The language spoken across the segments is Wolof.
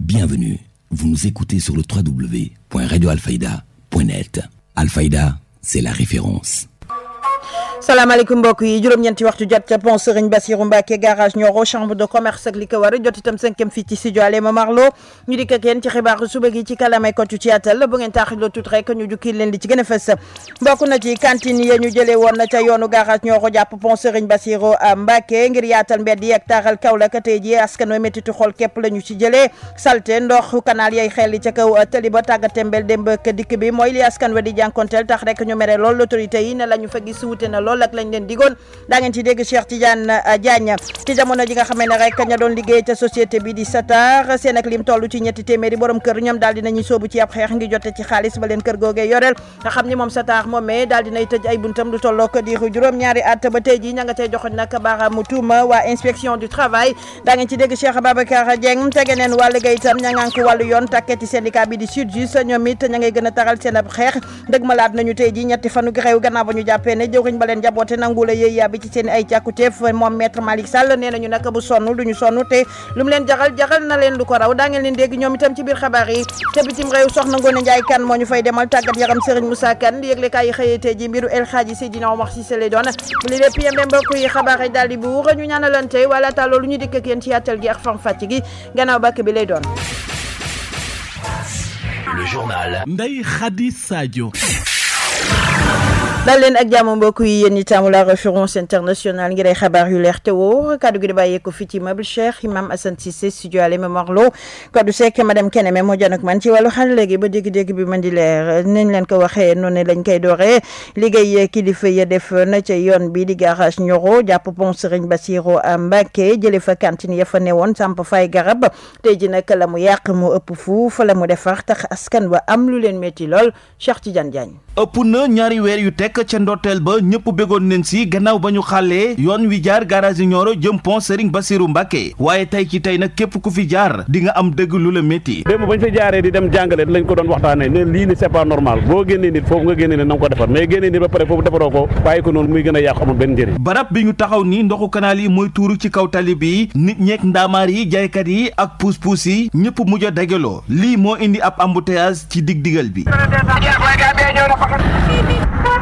Bienvenue. Vous nous écoutez sur le www.radioalfaïda.net. Alfaïda, c'est la référence. salaamaaleykum mbokk yi juróom-ñeenti waxtu jot ca pont Serigne Bassirou Mbacké garage Nioro chambre de commerce ak li ko war jot itam cinquième fii ci studio Allé Momar Lo ñu dikk ak ci xibaaru suba gi ci kalamay ko ci atal bu ngeen taaxiloo tuut rek ñu jukki leen li ci gën a fës bokk na ci cantine ya ñu jëlee woon ca yoonu garage Nioro jàpp pont Serigne Bassirou euh, Mbacké ngir yaatal mbedd yi ak taaral Kaolack tey ji askan wi méttitu xool képp la ñu ci jëlee salte ndox canal yay xel euh, ba tàggatembel démb ak dikk bi loolu ak lañ leen digoon daa ngeen ci dégg Cheikh a euh, Diagne ci jamono ji nga xamee ne rek ña doon liggéey ca société bi di Satar seen ak lim toll ci ñetti téeméeri borom kër ñoom daal dinañuy soobu ci ab xeex ngi jote ci xaalis ba kër googee yoreel nga xam ni moom Satar moomee daal dinay tëj ay buntam lu tolloo ko juróom-ñaari at ba tey ji ña nga cay joxoñ nag tuuma waa inspection du travail daa ci dégg Cheikh a taral seen njaboote nangula yéy yàbbi ci seen ay càkkuteef moom maître Malick Sall nee nañu nag bu sonn duñu sonn te lu mu leen jaxal jaxal na leen lu ko raw daa ngeen leen dégg ñoom itam ci biir xabaar yi te bitim réew soxna Ngoone Njaay kan moo ñu fay demal tàggat yaram Serigne Moussa Kane yëgle kaay yi xëyatee ji mbiru El Hadji Seydina Omar Cissé lay doon bu li lépp yembe ba yi xabaar yi daal di bu wóor ñu ñaanalante wala ta loolu ñu dikk ak yéen dal leen ak jàmm mbokk yi yéen ñi taamu la référence internationale ngir ay xabaar yu leer te wóor kaddu gi di bàyyeeko fii ci meuble Cheikh Imam Assane Cissé studio Alémé Marlo kaddu seek madame Keneme moo jan ak man ci wàllu xarale gi ba dégg-dégg bi man di leer nañ leen ko waxee ne lañ koy dooree liggéey kilifa ya def na ca yoon bi di garage Nioro jàpp pont Serigne Bassirou Mbacké jële fa cantine ya fa ne woon samp fay garab tey ji nag la mu yàq mu ëpp fu fa la mu defar tax askan wa am lu leen métti lool Cheikh Tidiane nekk ca ndorteel ba ñëpp bégoon nañ si gannaaw ba ñu xàllee yoon wi jaar garage Nioro jëm pont Serigne Bassirou waaye tey ci tey nag képp ku fi jaar di nga am dëgg lu la métti démb bañ fa jaaree di dem jàngale lañ ko doon waxtaanee ne lii ni c'est pas normal boo génnee nit foofu nga génnee ne na ko defar mais génnee nit ba pare foofu defaroo ko bàyyi ko noonu muy gën a yàqu amul benn njëriñ barab bi ñu taxaw ni ndoxu kanaal yi mooy tuuru ci kaw tali bi nit ñeek ndaamaar yi yi ak puus-puus yi ñëpp mujj a dajaloo lii moo indi ab embouteillage ci dig digal bi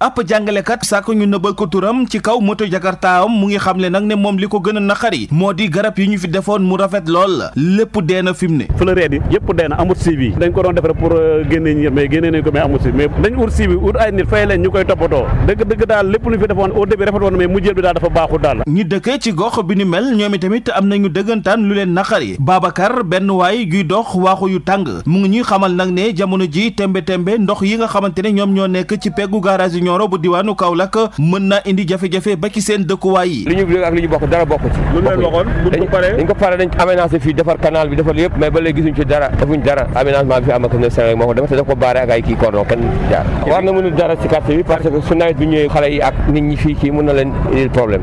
ab jàngalekat sàkk ñu nëbbal ko turam ci kaw moto jakartaam mu ngi xamle nag ne moom li ko gën a naqari moo di garab yi ñu fi defoon mu rafet lool lépp dee na fi mu ne fleuret yi yëpp dee na amut siibi dañ ko doon defare pour euh, génne ñi mais génne nañ ko mais amut siibi mais dañ ut siibi ut ay nit fay leen ñu koy toppatoo dëgg dëgg daal lépp lu ñu fi defoon au début rafet woon mais mujjël bi daal dafa baaxul daal ñi dëkkee ci gox bi ni mel ñoom lu leen naqari Babacar benn waay guy dox waaxu yu tàng mu ngi ñuy xamal nag ne jamono ji tembe tembe ndox yi nga xamante ne ñoom ñoo nekk ci peggu garage Nioro bu diwaanu kaw Kaolack mën na indi jafe-jafe ba ci seen dëkkuwaay yi. li ñu bëgg ak li ñu bokk dara bokk ci. lu ñu leen dañ ko paree dañ aménagé fii defar canal bi defar yëpp mais ba léegi gisuñ ci dara defuñ dara aménagement bi fi am ak ne Sénégal moo ko def te daf ko baare ak ay kii cordon kenn jaar war na mënul dara ci quartier bi parce que su nawet bi ñëwee xale yi ak nit ñi fii ci mën na leen indil problème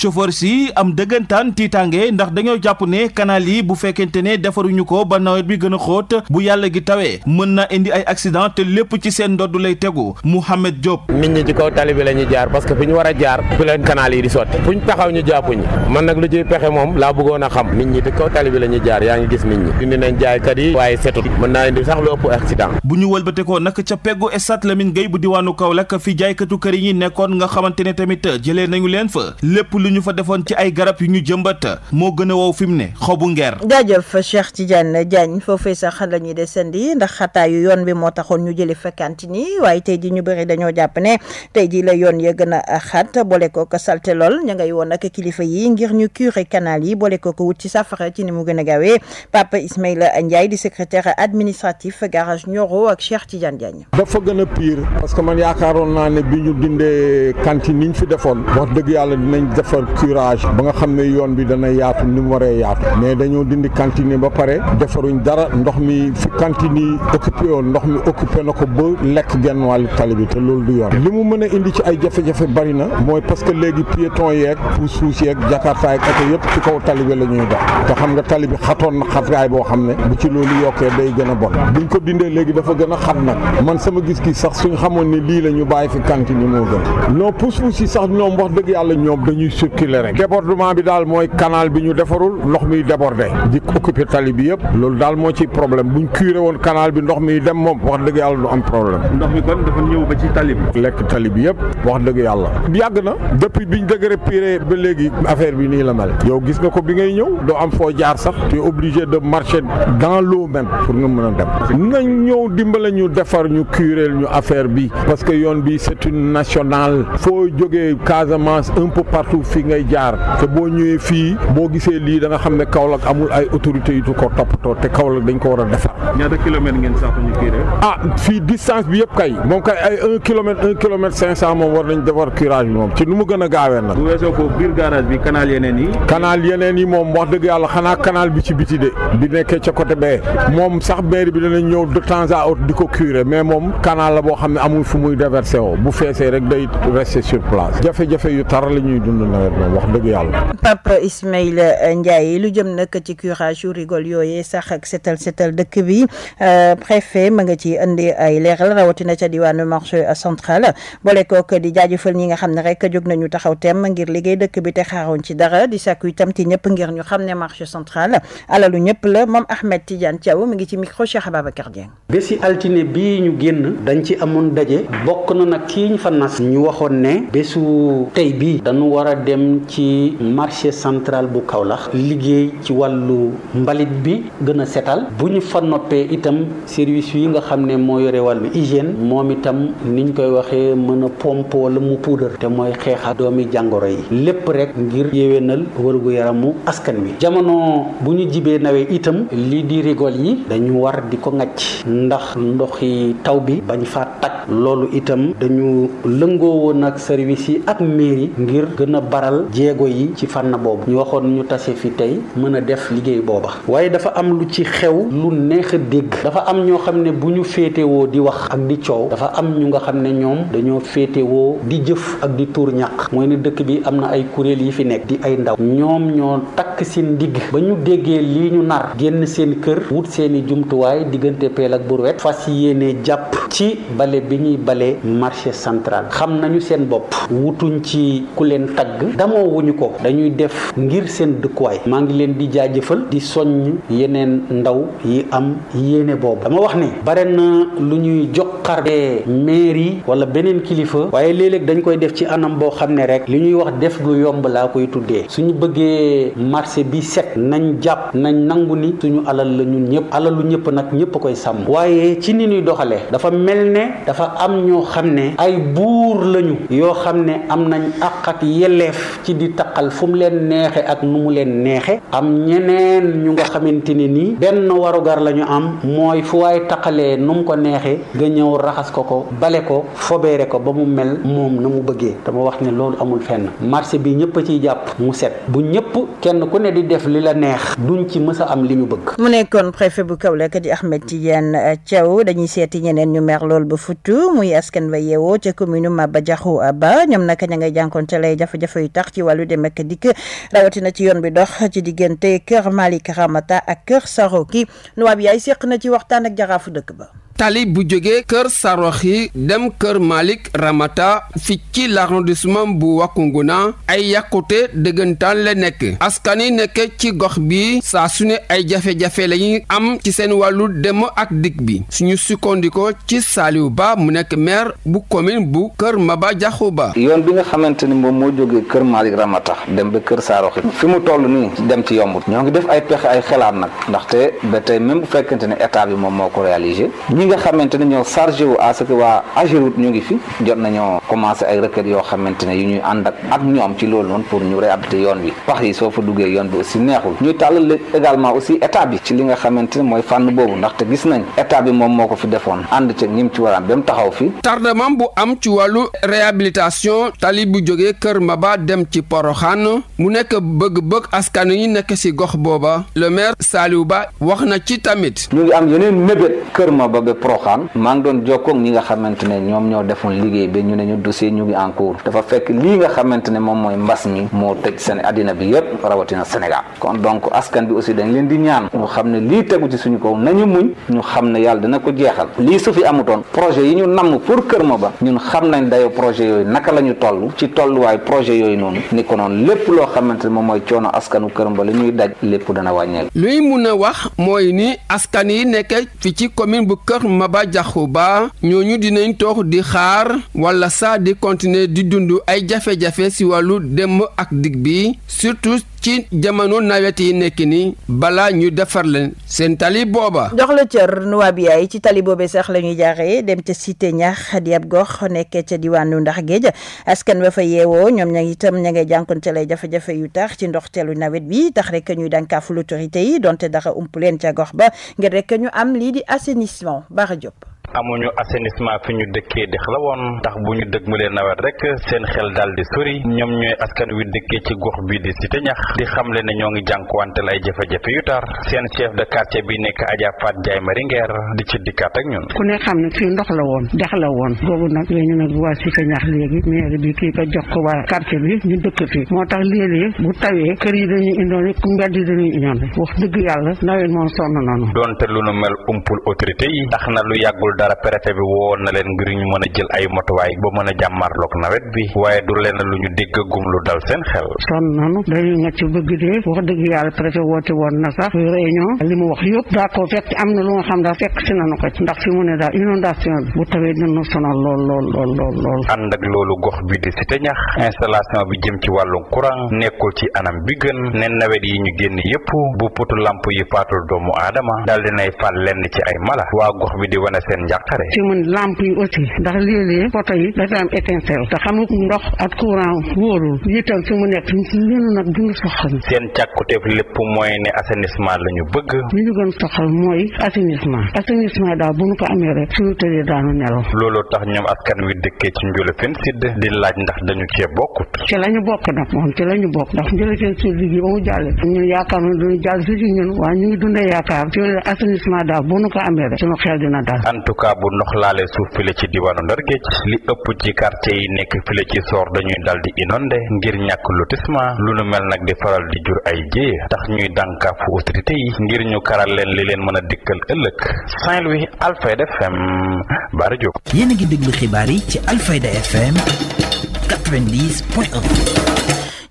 chauffeur si am dëggantaan tiitaange ndax dañoo jàpp ne kanaal yi bu fekkente ne defaruñu ko ba nawet bi gën a xóot bu yàlla gi tawee mën na indi ay accident te lépp ci seen ndodd lay tegu Mouhamed Diop. nit ñi ci kaw tali bi jaar parce que fi ñu war a jaar fi leen kanaal yi di sotti fuñ taxaw ñu jàppuñu man nag lu ciy pexe moom laa bëggoon a xam nit ñi ci kaw tali bi la ñuy jaar yaa ngi gis nit ñi dindi nañ jaaykat yi waaye setut mën naa indi sax lu ëpp accident. bu ñu wëlbatekoo nag ca peggu Stade Lamine Gueye bu diwaanu Kaolack fi jaaykatu kër yi nekkoon nga xamante ne tamit jëlee nañu leen fa lépp lu ñu fa defoon ci ay garab yu ñu jëmbat a wow fi mu ne xobu ngeer jaajëf Cheikh Tidiane Diagne foofee sax la ñuy desandi ndax xataa yu yoon bi moo taxoon ñu jëlee fakkanti ni waaye jàpp ne tey ji la yoon ya gën a xat boole ko ko salte lool ña ngay woon ak kilifa yi ngir ñu curé canal yi boole ko ko wut ci safara ci ni mu gën a gaawee Papa di secrétaire administratif garage Nioro ak Cheikh Tidiane Diagne dafa gën a pire parce que man yaakaaroon naa ne bi ñu dindee cantine niñ fi defoon wax dëgg yàlla dinañ def defar curage ba nga xam ne yoon bi dana yaatu ni mu waree yaatu mais dañoo dindi cantine ba pare defaruñ dara ndox mi fi cantine yi occupé woon ndox mi occupé na ko ba lekk genn wàllu tali bi te loolu du yoon li mu mën a indi ci ay jafe-jafe bari na mooy parce que léegi piéton yeeg pousse-pousse yeeg jakarta yeeg oto yëpp ci kaw tali bi la ñuy dox te xam nga tali bi xatoon na xatraay boo xam ne bu ci loolu yokkee day gën a bon buñ ko dindee léegi dafa gën a xat nag man sama gis-gis sax suñ xamoon ne lii la ñu bàyyi fi cantine circuler rek débordement bi daal mooy canal bi ñu defarul ndox miy débordé di occupé tali bi yëpp loolu daal moo ci problème buñ curé woon canal bi ndox mi dem moom wax dëgg yàlla du am problème. ndox mi kon dafa ñëw ba ci tali bi. lekk tali bi yëpp wax dëgg yàlla. yàgg na depuis biñ dëgëre piré ba léegi affaire bi nii la mel yow gis nga ko bi ngay ñëw doo am foo jaar sax tu es obligé de dans l'eau même pour nga mën a dem. nañ ñëw dimbale ñu defar ñu fi ngay jaar te boo ñëwee fii boo gisee lii danga xam ne Kaolack amul ay autorités yu ko toppatoo te Kaolack dañ ko war a defar. ñaata kilomètres ngeen sax ñu kii ah fii distance bi yëpp kay moom kay ay un kilomètre un kilomètre cinq cent moom war nañ defar curage bi moom ci nu mu gën a gaawee nag. bu weesoo foofu biir garage bi canal yeneen yi. canal yeneen yi moom wax dëgg yàlla xanaa canal bi ci biti de bi nekkee ca côté bee moom sax maire bi danañ ñëw de temps di ko curé mais moom canal la boo xam ne amul fu muy déversé woo bu feesee rek day rester sur place jafe-jafe yu tar la ñuy dund nawet moom wax dëgg yàlla. Pape Ismaïla Ndiaye lu jëm nag ci curage yu rigole yooyee sax setal setal dëkk bi euh, préfet ma nga ci indi ay leeral rawatina ca diwaanu marché central boole kook di jaajëfal ñi nga xam ne rek jóg nañu taxaw tem ngir liggéey dëkk bi te xaaruñ ci dara di sàkku tam ci ñëpp ngir ñu xam ne marché central alalu ñëpp la moom Ahmed Tidiane Thiaw mu ngi ci micro Cheikh Ababacar Dieng. bési altine bii ñu génn dañ ci amoon daje bokk na nag kii ñu fa a dem ci marché central bu Kaolack liggéey ci wàllu mbalit bi gën a setal bu ñu fa noppee itam service yi nga xam ne moo yore wàllu hygiène moom itam ni ñu koy waxee mën a pompe wala mu puudar te mooy xeexa doomi jàngoro yi lépp rek ngir yéwénal wërgu yaramu askan wi jamono bu ñu jibee nawee itam lii di rigol yi dañu war di ko ngacc ndax ndoxi taw bi bañ faa taj loolu itam dañu lëngoo woon ak service yi ak mairie ngir gën a càmbaral jéego yi ci fànn boobu ñu waxoon ñu tase fi tey mën a def liggéey booba waaye dafa am lu ci xew lu neex a dégg dafa am ñoo xam ne bu ñu féetewoo di wax ak di coow dafa am ñu nga xam ne ñoom dañoo féetewoo di jëf ak di tuur ñàq mooy ne dëkk bi am na ay kuréel yi fi nekk di ay ndaw ñoom ñoo takk seen ndigg ba ñu déggee lii ñu nar génn seen kër wut seeni jumtuwaay diggante peel ak burwet fas yéene jàpp ci bale bi ñuy bale marché central xam dëkk damoo wuñu ko dañuy def ngir seen dëkkuwaay maa ngi leen di jaajëfal di soññ yeneen ndaw yi am yéene boobu dama wax ne bare na lu ñuy jox xarde maire yi wala beneen kilifa waaye léeg-léeg dañ koy def ci anam boo xam ne rek li ñuy wax def lu yomb laa koy tuddee suñu bëggee marché bi set nañ jàpp nañ nangu ni suñu alal la ñun alalu ñëpp nag ñëpp koy sàmm waaye ci ni ñuy doxalee dafa mel ne dafa am ñoo xam ne ay buur lañu yoo xam ne am nañ àq ak yelleef def ci di taqal fu mu leen neexe ak nu mu leen neexe am ñeneen ñu nga xamante ne nii benn warugar la ñu am mooy fu waay taqalee nu mu ko neexe nga ñëw raxas ko ko bale ko fobeere ko ba mu mel moom na mu bëggee dama wax ne loolu amul fenn marché bi ñëpp ciy jàpp mu set bu ñëpp kenn ku ne di def li la neex duñ ci mësa am li ñu bëgg. mu nekkoon préfet bu Kaolack di Ahmed Tidiane ceew dañuy seeti ñeneen ñu meex loolu ba futtu muy kenn ba yeewoo ca commune yuy tax ci wàllu dem ak dikk rawatina ci yoon bi dox ci diggante kër Malick Ramata ak kër Saroki Nouab yaay seq na ci waxtaan ak jaraafu dëkk ba. tali bu jógee kër Saroxi dem kër Malick Ramata fi ci l'arrondissement bu Wakunguna ay yàqute dëggantaan la nekk askan yi nekk ci gox bi saa su ne ay jafe-jafe lañuy am ci seen wàllu dem ak dikk bi suñu sukkandikoo ci Saliou Ba mu nekk maire bu commune bu kër ma ba Diakhou Ba yoon bi nga xamante ni moom moo jógee kër Malick Ramata dem ba kër Saroxi fi mu toll nii dem ci yombut ñoo ngi def ay pexe ay xelaat nag ndaxte ba tey même bu fekkente ne état bi moom moo ko réalisé ñi nga xamante ne ñoo chargé wu à ce que waa Ageroute ñu ngi fi jot nañoo commencé ay requêtes gis nañ état moom moo ko fi defoon ànd ca ñim ci war a ba mu taxaw fi tardement bu am ci wàllu réhabilitation tali bu jógee Kër Maba dem ci Poroxaan mu nekk bëgg-bëgg askan yi nekk si gox booba le maire Ba wax na ci tamit ñu ngi am yeneen mébét Kër Maba Proxaan maa ngi doon jokkoo ak ñi nga xamante ne di ñaan ñu xam ne lii tegu ci suñu kaw nañu ko jeexal lii su fi amutoon projet yi ñu namm pour Kër ba ñun xam nañ dayo projet yooyu naka la ñu toll ci tolluwaay projet yooyu noonu ni ko noonu lépp loo xamante ne moom mooy coono askanu Kër Maba li ñuy daj lépp dana wàññeeku luy mun a wax mooy ni askan yi nekk fi ci commune bu Kër Maba Diakhou Ba ñooñu dinañ toog di xaar wala saa di continuer di dund ay jafe-jafe ci wàllu dem ak dig bi surtout ci jamono nawet yi nekk nii balaa ñu defar leen seen tali booba. jox la cër Nouabia yi ci tali boobe sax la ñuy jaaree dem ca Cité ñax di ab gox nekkee ca diwaanu ndax géej askan ba fa yeewoo ñoom ña itam ña ngay jànkonte lay jafe-jafe yu tax ci ndox ndoxteelu nawet bi tax rek ñuy dànkaafu l'autorité yi donte daxa ump leen ca gox ba ngir rek ñu am lii di baax a Diop. amuñu assainissement fi ñu dëkkee dex la woon ndax bu ñu mu dëgmalee nawet rek seen xel daal di sori ñoom ñooy askan wi dëkkee ci gox bii di cité ñax di xamle ne ñoo ngi jànkuwante lay jafe-jafe yu tar seen chef de quartier bi nekk Adja Fat Ndiaye Maringuer di ci dikkaat ak ñun ku ne xam ne fii ndox la woon dex la woon boobu nag léegi nag waa cité ñax léegi maire bi kii ko jox ko waa quartier bi ñu dëkk fii moo tax léeg bu tawee kër yi dañuy indoon ku mbedd yi dañuy indoon wax dëgg yàlla nawet moom sonn noonu doonte lu nu mel umpul autorité na lu yàggul dara préfet bi woon na leen ngir ñu mën a jël ay motuwaay ba mën a jàmmarloog nawet bi waaye du leen lu ñu dégg gum lu dal seen xel sonn nanu dañuy nga ci bëgg dee wax dëgg yàlla préfet woote woon na sax réunion li mu wax yëpp daa ko fekk am na lu nga xam daal fekk si nanu ko ndax fi mu ne daal inondation bi bu tawee dinañu sonal lool lool lool lool ak loolu gox bi di cité ñax installation bi jëm ci wàllu courant nekkul ci anam bi gën ne nawet yi ñu génn yëpp bu potu lamp yi faatul doomu aadama daal dinay fal lenn ci ay mala waa gox bi di njàqare ci mën lamp yi aussi ndax léeg-léeg poto yi dafa am étincelle te xam ndox ak courant wóorul itam fi mu nekk lenu nag gën soxal seen càkkuteef lépp mooy ne assainissement la ñu bëgg li ñu gën soxal mooy assainissement assainissement daal bu ñu ko amee rek suñu tëddee daanu nelaw loolu tax ñoom askan wi dëkkee ci Ndiolofène Sud di laaj ndax dañu cee bokkut ci la ñu bokk nag moom ci la ñu bokk ndax Ndiolofène Sud bi ba mu jàllee ñun yaakaar na duñu jàll si ci ñun waaye ñu ngi dundee yaakaar ci assainissement daal bu ñu ko amee rek suñu xel dina cas bu ndox laale suuf file ci diwaanu Ndar géej li ëpp ci quartier yi nekk file ci soor dañuy dal di inondé ngir ñàkk lotissement lu nu mel nag di faral di jur ay jéye tax ñuy dànkaafu autorité yi ngir ñu karal leen li leen mën a dikkal ëllëg Saint-Louis Alfayda FM Bara Diop. yéen a xibaar yi ci Alfayda FM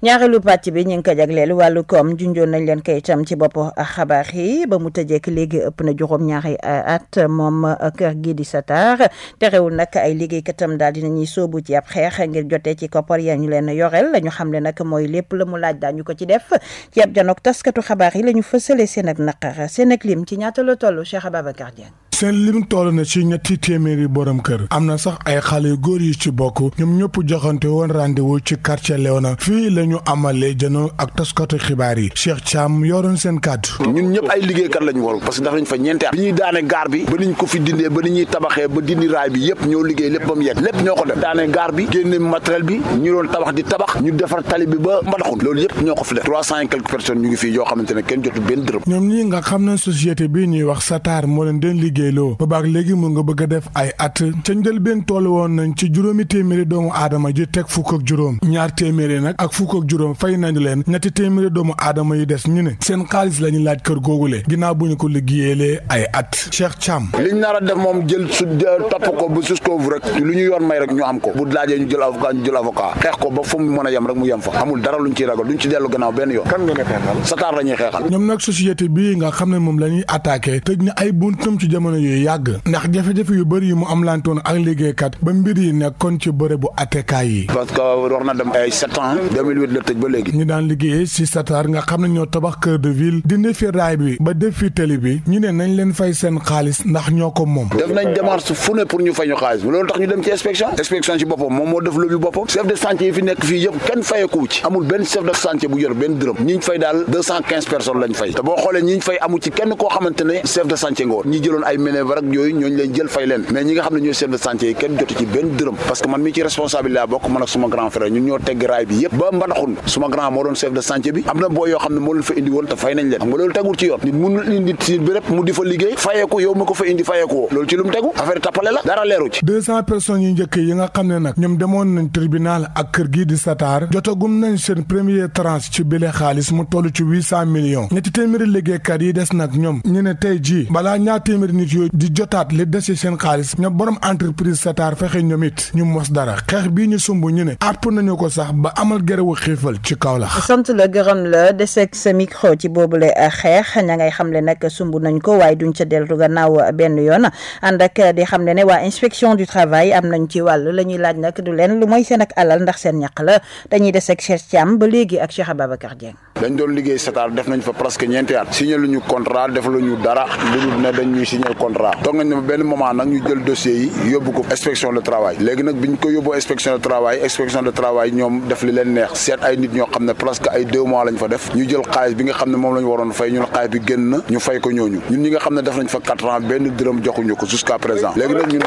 ñaareelu pàcc bi ñu ngi ko jagleel wàllu koom junjoon nañ leen koy itam ci bopp xabaar yi ba mu tëjeek léegi ëpp na juróom-ñaari e, at moom kër gi di sa Satar terewul nag ay liggéeykatam daal dinañuy sóobu ci ab xeex ngir jotee ci koppar ya ñu leen yoreel la ñu xam ne nag mooy lépp la mu laaj ñu ko ci def ci ab janook taskatu xabaax yi la ñu fësale seen ak naqar seen ak lim ci ñaata la toll Cheikh Ababacar Dieng seen lim toll na ci ñetti téeméeri borom kër am na sax ay xale yu góor yu ci bokk ñoom ñëpp joxante woon rendez-vous ci quartier Léona fii la ñu amalee jënoo ak taskatu xibaar yi Cheikh Thiam yoroon seen kàddu ñun ñëpp ay liggéeykat lañ woon parce que daf nañ fa ñeenti at bi ñuy daane gaar bi ba niñ ko fi dindee ba ni ñuy tabaxee ba dindi raay bi yëpp ñoo liggéey lépp ba mu yegg lépp ñoo ko def daane gaar bi génne matériel bi ñu doon tabax di tabax ñu defar tali bi ba mbadaxun loolu yëpp ñoo ko fi ñu ngi fii yoo xamante ne kenn jotu benn dërëm ñoom ñi nga bi ñuy wax Satar moo leen doon liggéey liggéeyloo boobaak léegi mu nga bëgg a def ay at ca njëlbeen toll woon nañ ci juróomi téeméeri doomu aadama ji teg fukk ak juróom ñaar téeméeri nag ak fukk ak juróom fay nañu leen ñetti téeméeri doomu aadama yi des ñu ne seen xaalis lañu laaj kër googule ginnaaw bu ñu ko liggéeyalee ay at Cheikh Thiam liñ nar a def moom jël su topp ko bu sus koofu rek lu ñu yoon may rek ñu am ko bu laajee ñu jël avocat ñu jël avocat xeex ko ba fu mu mën a yem rek mu yem fa amul dara luñ ci dellu gannaaw benn yoon kan nga ne xeexal sa taar jamono daan liggéeyee si satar nga xam ne ñoo tabax cœur de ville dindi fi raay bi ba def fi tali bi ne nañ leen fay seen xaalis ndax ñoo ko moom def nañ démarche fu ne pour ñu fay ñu xaalis loolu tax ñu dem ci inspection inspection ci boppam moom moo def lobby boppam chef de chantier yi fi nekk fii yëpp kenn fayeku ci amul benn chef de chantier bu yor benn dërëm ñi fay daal deux cent fay te boo xoolee ñi fay amu ci kenn koo xamante ne de chantier milin war yooyu ñooñu leen jël fay leen mais ñi nga xam ne ñooy chef de chantier yi kenn jotu ci benn dërëm parce que man mi ci responsabilité bokk man ak suma grand frère ñun ñoo tegg raay bi yëpp ba mbanaxun suma grand moo doon chef de chantier bi am na boo yoo xam ne moo leen fa indi woon te fay nañ leen xam nga loolu tegul ci yoon nit mënul indi ci béréb mu di fa liggéey fayeeku yow ma ko fa indi fayeeku loolu ci lu mu tegu affaire mujjee di jotaat li dese seen xaalis ñoom borom entreprise Satar fexe ñoom it ñu mos dara xeex bii ñu sumb ñu ne àpp nañu ko sax ba amal gerewu xiifal ci kaw Kaolack. sant la gërëm la deseeg sa micro ci la xeex ña ngay xam xamle nag sumb nañ ko waaye duñ ca dellu gannaaw benn yoon ànd ak di xam ne waa inspection du travail am nañ ci wàll la ñuy laaj nag du leen lu mooy seen ak alal ndax seen ñaq la dañuy deseeg Cheikh am ba léegi ak Cheikh Ababacar Dieng. dañu doon liggéey setaar def nañ fa presque ñeenti at signé lu ñu contrat def lu ñu dara lu dul ne dañ ñuy contrat toog nañ ne benn moment nag ñu jël dossier yi yóbbu ko inspection de travail léegi nag bi ñu ko yóbbu inspection de travail inspection de travail ñoom def li leen neex seet ay nit ñoo xam ne presque ay deux mois lañ fa def ñu jël xaalis bi nga xam ne moom la ñu waroon fay ñun xaalis bi génn ñu fay ko ñooñu ñun ñi nga xam ne def nañ fa quatre ans benn dërëm joxuñu ko jusqu'à présent léegi nag ñun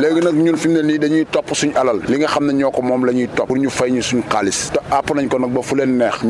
nag ñun fi mu ne nii dañuy topp suñu alal li nga xam ne ñoo ko moom la ñuy topp ñu fay ñu suñu xaalis te nañ ko nag ba leen neex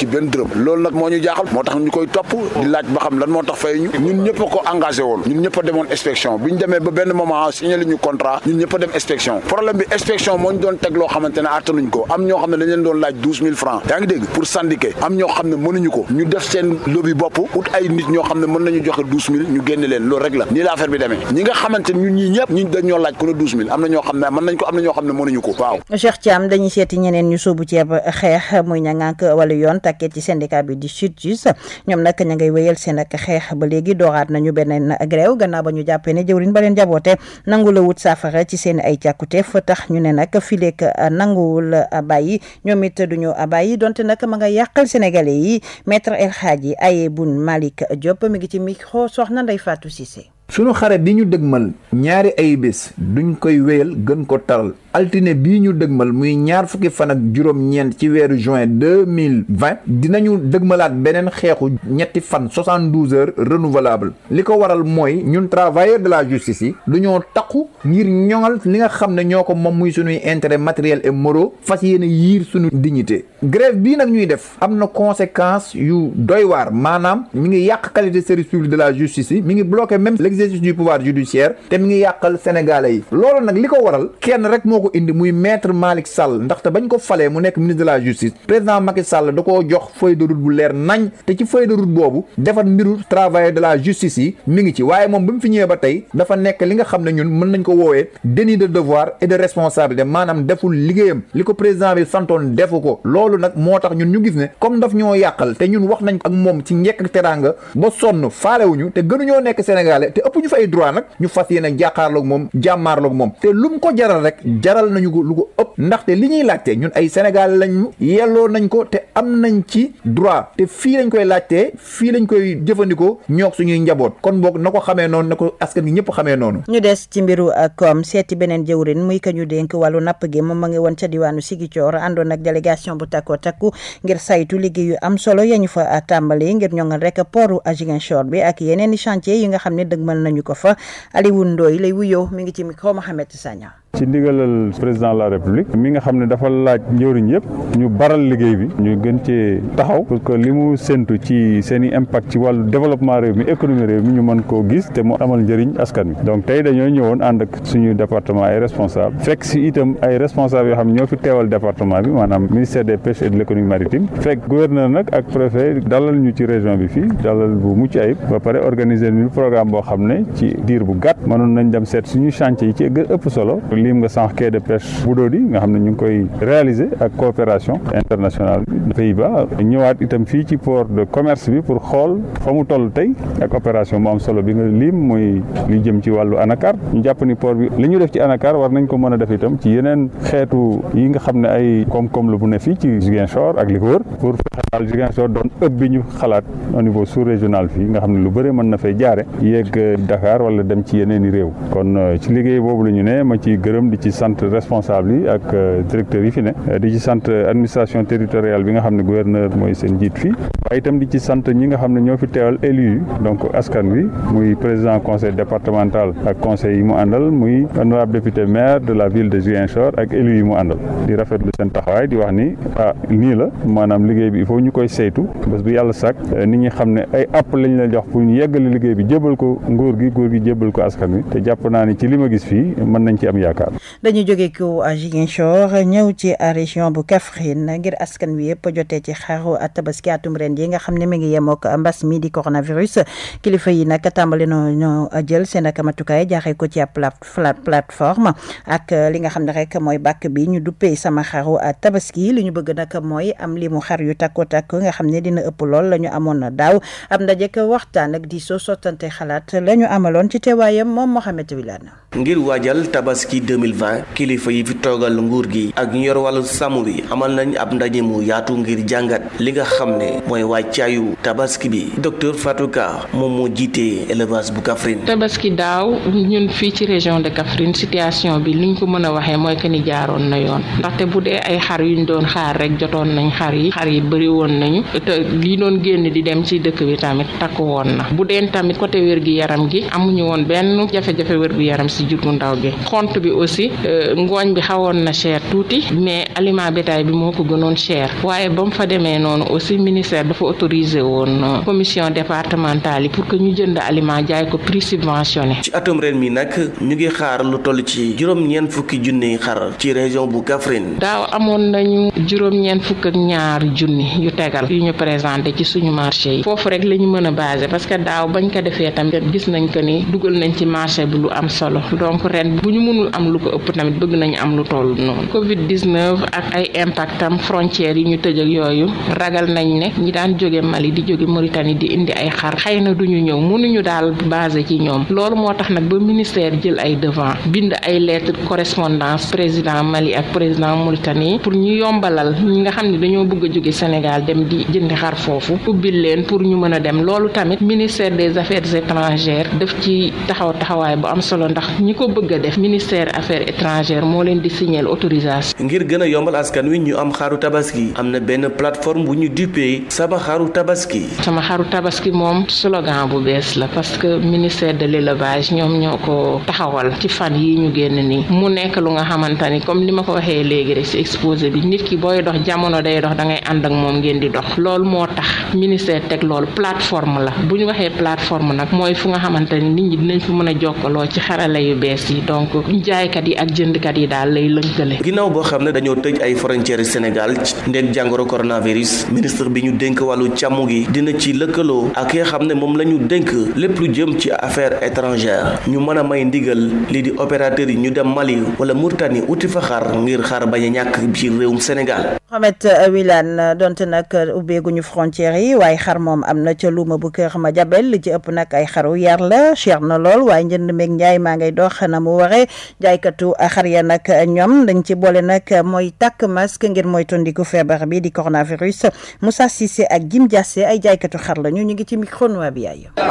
ci benn dërëm loolu nag moo ñu jaaxal moo tax ñu koy topp di laaj ba xam lan moo tax fay ñun ñëpp ko engagé woon ñun ñëpp demoon inspection bi ñu demee ba benn moment signé ñu contrat ñun ñëpp a dem inspection problème ñoo xam ne dañ leen doon laaj douze mille francs yaa ngi dégg ñoo xam ne mënuñu ko ñu def seen lobby bopp ut ay nit ñoo xam ne mën nañu joxe douze mille ñu génne leen loolu rek la nii ñu dañoo laaj ku ne douze ko am na sàkkee ci syndicat bi di SYTJUST ñoom nag ña ngay wéyal seen ak xeex ba léegi na ñu beneen grève gannaaw ba ñu jàppee ne jëwriñ ba leen jaboote nangu la wut saafara ci seen ay càkkute fa tax ñu ne nag fileek ah, nanguwul ah, bàyyi ñoom du it duñu ah, bàyyi donte nag ma nga yàqal sénégalais yi maître El Hadji Aye Boun Malick Diop mu ngi ci micro soxna Ndeye si Cissé sunu xare bi ñu dëgmal ñaari ay bés duñ koy wéyal gën ko taral altine bii ñu dëgmal muy ñaar fukki fan ak juróom-ñeent ci weeru juin deux mille vingt dinañu dëgmalaat beneen xeexu ñetti fan soixante douze heures renouvelable li ko waral mooy ñun travailleurs de la justice yi dañoo takku ngir ñoŋal li nga xam ne ñoo ko moom muy sunuy intérêt matériel et moraux fas yéene yiir sunu dignité grève bii nag ñuy def am na conséquence yu doy waar maanaam mi ngi yàq qualité service de la justice yi ngi bloqué même exercice du pouvoir judiciaire te mi ngi yàqal sénégalais yi loolu nag li ko waral kenn rek moo ko indi muy maître Malick Sall ndaxte bañ ko falee mu nekk ministre de la justice président Macky Sall da koo jox feuille de bu leer nañ te ci feuille boobu defar mbiru travail de la justice yi mi ngi ci waaye moom ba mu fi ñëwee ba tey dafa nekk li nga xam ne ñun mën nañ ko woowee déni de devoir et de responsabilité maanaam deful liggéeyam li ko président bi santoon defu ko loolu nag moo tax ñun ñu gis ne comme daf ñoo yàqal te ñun wax nañ ak moom ci te gënuñoo ëpp ñu fa ay droit nag ñu fas yéene jàkkaarloog moom jàmmaarloog moom te lu mu ko jaral rek jaral nañu ko lu ko ëpp ndaxte li ñuy laajte ñun ay Sénégal lañu yelloo nañ ko te am nañ ci droit te fii lañ koy laajtee fii lañ koy jëfandikoo ñoog ñuy njaboot kon boog na ko xamee noonu na ko askan wi ñëpp xamee noonu. ñu des ci mbiru euh, koom seeti beneen jëwrin muy ka ñu dénk wàllu napp gi moom ma ngi woon ca diwaanu Ziguinchor àndoon ak délégation bu takkoo takku ngir saytu liggéey am solo yañu fa euh, tàmbali ngir ñoŋal rek amal nañu ko fa Alioune Ndoye lay wuyoo mi ngi ci micro Mohamed Sagna ci ndigalal président de la république mi nga xam ne dafa laaj njëriñ yëpp ñu baral liggéey bi ñu gën cee taxaw pour que li mu séntu ci seen i impact ci wàllu développement réew mi économie réew mi ñu mën koo gis te mu amal njëriñ askan wi donc tey dañoo ñëwoon ànd ak suñu département ay responsable fekk si itam ay responsable yoo xam ñoo fi teewal département bi maanaam ministère des pêches et de l'économie maritime fekk gouverneur nag ak préfet ñu ci région bi fii dalal bu mucc ayib ba pare organiser ñu programme boo xam ne ci diir bu gàtt mënoon nañ dem seet suñu chantier yi ci ëpp solo lim nga sànq quai de pêche Budodi nga xam ne ñu ngi koy réaliser ak coopération internationale bi Pays-Bas itam fii ci port de commerce bi pour xool fa mu toll tey ak opération bu am solo bi nga lim muy li jëm ci wàllu ANACAR ñu jàpp ni port bi li ñu def ci ANACAR war nañ ko mën a def itam ci yeneen xeetu yi nga xam ne ay koom-koom la bu ne fii ci Ziguinchor ak li ko wër pour fexe daal Ziguinchor doon ëpp bi ñu xalaat au niveau sous régional fii nga xam ne lu bëri mën na fay jaare yegg Dakar wala dem ci yeneen i réew euh, gërëm di ci sant responsable yi ak euh, directeur yi fi ne di ci sant administration territoriale bi nga xam ne gouverneur mooy seen njiit fii waaye itam di ci sant ñi nga xam ne ñoo fi teewal élus yi donc askan wi muy président conseil départemental ak conseil yi mu àndal muy honorable député maire de la ville de Ziguinchor ak élus yi mu àndal di rafetlu seen taxawaay di wax ni ah nii la maanaam liggéey bi il faut ñu koy saytu bés bu yàlla sàkk euh, nit la jox pour ñu yeggali ko nguur gi nguur gi jébal ko askan wi te jàpp li ma gis fii mën nañ Dakar. dañu jóge ko Ziguinchor ñëw ci région bu Kaffrine ngir askan wi yëpp jotee ci xaru tabaski atum ren yi nga xam ne mi ngi yemook mbas mi di coronavirus kilifa yi nag tàmbali nañoo jël seen ak matukaay jaaxee ko ci ab plateforme ak li nga xam ne rek mooy bakk bi ñu duppee sama xaru tabaski li ñu bëgg nag mooy am li mu xar yu takku takku nga xam ne dina ëpp lool la ñu amoon daaw am ndaje ko waxtaan ak di soo sottante xalaat la amaloon ci teewaayam moom Mohamed Wilane. 2020 kilifa yi fi toogal nguur gi ak ñu yor wàllu sàmm bi amal nañ ab ndaje mu yaatu ngir jàngat li nga xam ne mooy wàccaayu tabaski bi docteur Fatou moom moo jiite élevage bu Kaffrine. tabaski daaw ñun fii ci région de Kaffrine situation bi li liñ ko mën a waxee mooy que ni jaaroon na yoon ndaxte bu dee ay xar yu yuñ doon xaar rek jotoon nañ xar yi xar yi bëri woon nañu te li doon génn di dem ci dëkk bi tamit takku woon na bu dee tamit côté wér gi yaram gi amuñu woon benn jafe-jafe yaram si jur gu ndaw gi aussi euh, ngooñ bi xawoon na cher tuuti mais aliment bétail bi moo ko gënoon cher waaye ba mu fa demee noonu aussi ministère dafa autorisé woon euh, commission départementale yi pour que ñu jënd aliment jaay ko prix subventionné. ci atum ren mi nag ñu ngi xaar lu toll ci juróom-ñeent fukki junni ci région bu Kaffrine. daaw amoon nañu juróom-ñeent fukk ak ñaari junni yu tegal yu ñu présenté ci suñu marché yi foofu rek la ñu mën a basé parce que daaw bañ ko defee tamit gis nañ ko ni dugal nañ ci marché bi lu am solo donc ren bu ñu mënul am am lu ko ëpp tamit bëgg nañu am lu toll noonu Covid 19 ak ay impactam frontières yi ñu tëj yooyu ragal nañ ne ñi daan jóge Mali di jóge Mauritanie di indi ay xar xëy na duñu ñëw mënuñu daal basé ci ñoom loolu moo tax nag ba ministère jël ay devant bind ay lettre correspondance président Mali ak président Mauritanie pour ñu yombalal ñi nga xam ne dañoo bëgg a jóge Sénégal dem di jëndi xar foofu ubbil leen pour ñu mën a dem loolu tamit ministère des affaires étrangères daf ci taxaw taxawaay affaires étrangères moo leen di signaler autorisation. ngir gën a yombal askan wi ñu am xaru tabaski am na benn plateforme bu ñu duppee sama xaru tabaski. sama xaru tabaski moom slogan bu bees la parce que ministère de l'élevage ñoom ñoo ko taxawal ci fan yi ñu génn nii mu nekk lu nga xamante ni comme ni ma ko waxee léegi rek ci exposé bi nit ki booy dox jamono day dox da ngay ànd ak moom ngeen di dox loolu moo tax ministère teg loolu plateforme la bu ñu waxee plateforme nag mooy fu nga xamante ni nit ñi mën a jokkaloo ci xarala bees yi jaaykat yi ak jëndkat yi daal lay lënkale. ginnaaw boo xam ne dañoo tëj ay frontières Sénégal ndeg jàngoro coronavirus ministre bi ñu dénk wàllu càmm gi dina ci lëkkaloo ak nga xam ne moom la ñu dénk lépp lu jëm ci affaire étrangère ñu mën a may ndigal lii di opérateur yi ñu dem Mali wala Mauritanie uti fa xar ngir xar bañ a ñàkk biir réewum Sénégal Mohamed eh, Wilane eh, donte nag eh, ubbeeguñu frontières yi waaye xar moom am na ca luuma bu kër ma jabel li ci ëpp nag ay xaru yar la cher na lool waaye njënd meeg njaay maa ngay dox na mu waree jaaykatu xar ya nag ñoom dañ ci boole nag mooy takk masque ngir mooy tondiku feebar bi di coronavirus Moussa Cissé ak Jim Diassé ay jaaykatu xar la ñu ñu ngi ci micro noir bi yaay. ah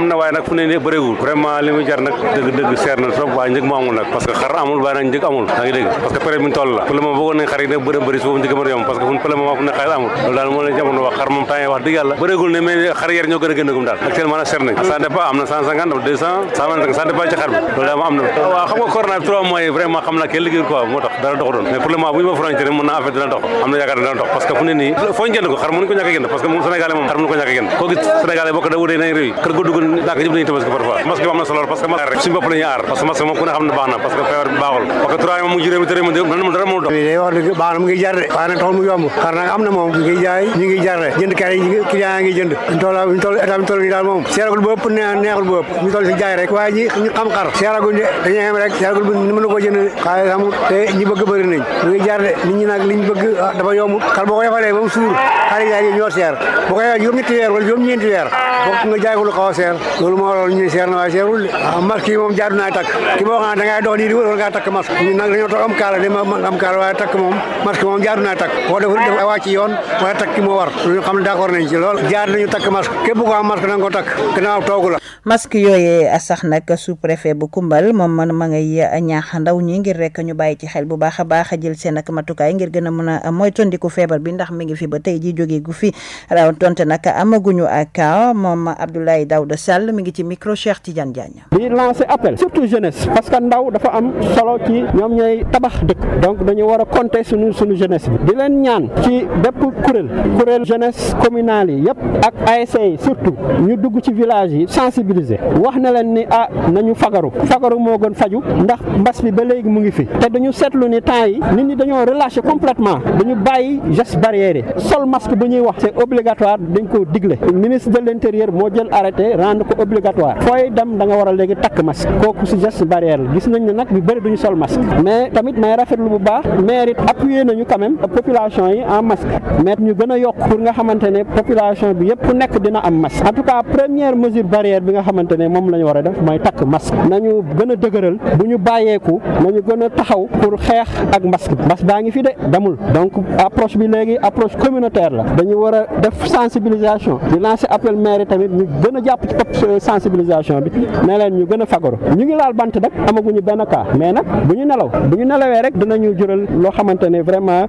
na waaye nag fu ne nii bëreegul vraiment li muy jar nag dëgg seer na trop waaye njëg mu amul nag parce que xar amul waaye nag njëg amul daa ngi parce que période bi ñu toll la pour le moment bëggoon nañ xar yi si foofu ñu gën a yomb parce que fu ñu pële moom fu ne xaalis amul loolu daal moo leen jamono wax xar moom temps yi wax dëgg yàlla bëreegul ne mais xar yar ñoo gën a gënagum daal actuellement nag cher nañ ça dépend am na cent cinquante deux cent cent vingt cinq ça dépend ci xar bi loolu daal am na waaw xam nga corona bi trois mois yi vraiment xam naa kenn liggéeyul quoi moo tax dara dox doon mais pour le moment bu ñu ma frontière mën naa affaire dina dox am na yaakaar dina dox parce que fu ne nii foo jënd ko xar mënu ko ñàkk a jënd parce que moom sénégalais moom xar mënu ko ñàkk a jënd koo gis sénégalais bokk da wutee nañ réew yi kër gu dugg daaka jëm dañuy tabaski parfois masque bi am na solo parce que masque rek suñu bopp la ñuy aar parce que masque moom ku ne xam ne baax na parce que feebar bi baaxul parce que trois mois mu juróomi tëré mu dara moo dox jar de waaye nag taxul mu yomb xar nag am na moom ñu ngi jaay ñu ngi jar de jënd kar yi client ngi jënd ñu toll ñu toll état ñu toll nii daal moom seeragul bu ëpp neexul bu ëpp ñu toll si jaay rek waaye ñi ñu xam xar seeragul dañuy xam rek seeragul bi mën na koo jënd xaalis amul te ñi bëgg bëri nañ ñu ngi jar de nit ñi nag liñ bëgg ah, a na waaye seerul de ah, waaye takk moom masque moom jaar naa takk boo deful def awaa ci yoon wala takk ki moo war lu xam ne d'accord nañu takk masque képp ko am masque na nga ko takk gannaaw toogu la masque yooyee sax nag sous préfet bu Koumbal moom man ma ngay ñaax ndaw ñi ngir rek ñu bàyyi ci xel bu baax a baax a jël seen ak matukaay ngir gën a mën a moytandiku feebar bi ndax mi ngi fi ba tey ji jógee gu fi raw donte nag amaguñu ak ah, moom Abdoulaye Daouda Sall mi ngi ci micro Cheikh ci ñoom ñooy jeunesse bi di leen ñaan ci bépp kuréel kuréel jeunesse communale yi yëpp ak ASC yi surtout ñu dugg ci village yi sensibiliser wax na leen ni ah nañu fagaru fagaru moo gën faju ndax mbas bi ba léegi mu ngi fi te dañu seetlu ni temps yi nit ñi dañoo relâché complètement dañu bàyyi geste barrière yi sol masque bu ñuy wax c'est obligatoire dañ ko digle ministre de l'intérieur moo jël arrêté rendre ko obligatoire fooy dem da war a léegi takk masque kooku si geste barrière la gis nañ ne nag ñu bëri duñu sol masque même population yi en masque mais ñu gën a yokk pour nga xamante population bi yëpp nekk dina am masque en tout cas première mesure barrière bi nga xamante moom la war a def mooy takk masque nañu gën a dëgëral bu ñu bàyyeeku nañu gën a taxaw pour xeex ak masque masque baa ngi fi de damul donc approche bi léegi approche communautaire la dañu war a def sensibilisation di lancer appel maire tamit ñu gën a jàpp ci euh, sensibilisation bi ne leen ñu gën a fagaru ñu ngi laal bant nag amaguñu benn cas mais nag bu ñu nelaw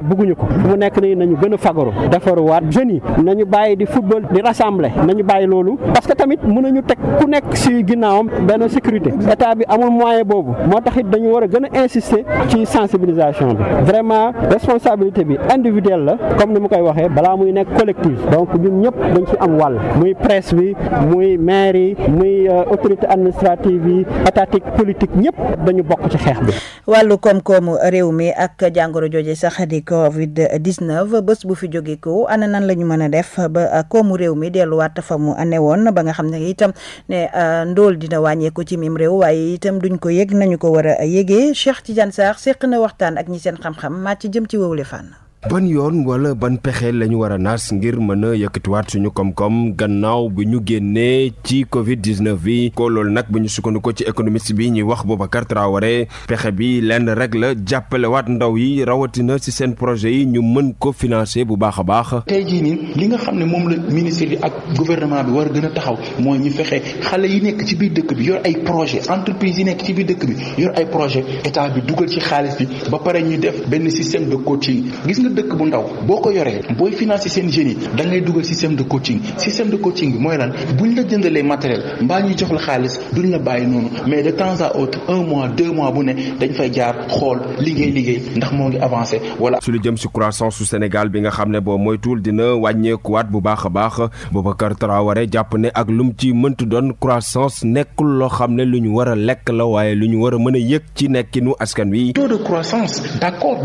bëgguñu ko mu nekk nii nañu gën a fagaru defaruwaat jeunes yi nañu bàyyi di football di rassembler nañu bàyyi loolu parce que tamit mun nañu teg ku nekk si ginnaawam benn sécurité état bi amul moyen boobu moo tax it dañu war a gën a insister ci sensibilisation bi vraiment responsabilité bi individuelle la comme ni mu koy waxee balaa muy nekk collectif donc ñun ñëpp dañu ci am wàll muy presse bi muy maire yi muy euh, autorité administrative yi étatique politique ñëpp dañu bokk ci xeex bi. wàllu koom-koomu réew mi ak jàngoro jooje sax di Covid 19 bés bu fi jóge ko ana nan la ñu mën a def ba ah, koomu réew mi delluwaat fa mu newoon ba nga xam ne itam ne ah, ndóol dina wàññeeku ci mim réew waaye itam duñ ko yég nañu ko war a yége Cheikh Tidiane Sarr seq na waxtaan ak ñi seen xam-xam ci jëm ci wowle fànn. ban yoon wala ban pexe la ñu war a nas ngir mën a yëkkatiwaat suñu koom-koom gannaaw bi ñu génnee ci Covid 19 bi ko loolu nag bu ñu sukkandiku ci économiste bi ñuy wax Boubacar Traoré pexe bi lenn rek la jàppalewaat ndaw yi rawatina si seen projet yi ñu mën ko financer bu baax a baax. tey jii nii li nga xam ne moom la ministre yi ak gouvernement bi war a gën a taxaw mooy ñu fexe xale yi nekk ci biir dëkk bi yor ay projet entreprise yi nekk ci biir dëkk yor ay projet état bi xaalis bi ba pare ñu def benn système de coaching dëkk bu ndaw boo ko yoree booy financer seen jeunes yi da ngay dugal système de coaching système de coaching bi mooy lan buñ la jëndalee matériel mbaa ñuy jox la xaalis duñ la bàyyi noonu mais de temps à un mois de mois bu ne dañ fay jaar xool liggéey liggéey ndax moo ngi avancé wala. su lu jëm si croissance su Sénégal bi nga xam ne boo moytuwul dina wàññeekuwaat bu baax a baax Boubacar Traoré jàpp ne ak lum ci mëntu doon croissance nekkul loo xam ne lu ñu war a lekk la waaye lu ñu war a mën a yëg ci nekkinu askan wi. taux de croissance d'accord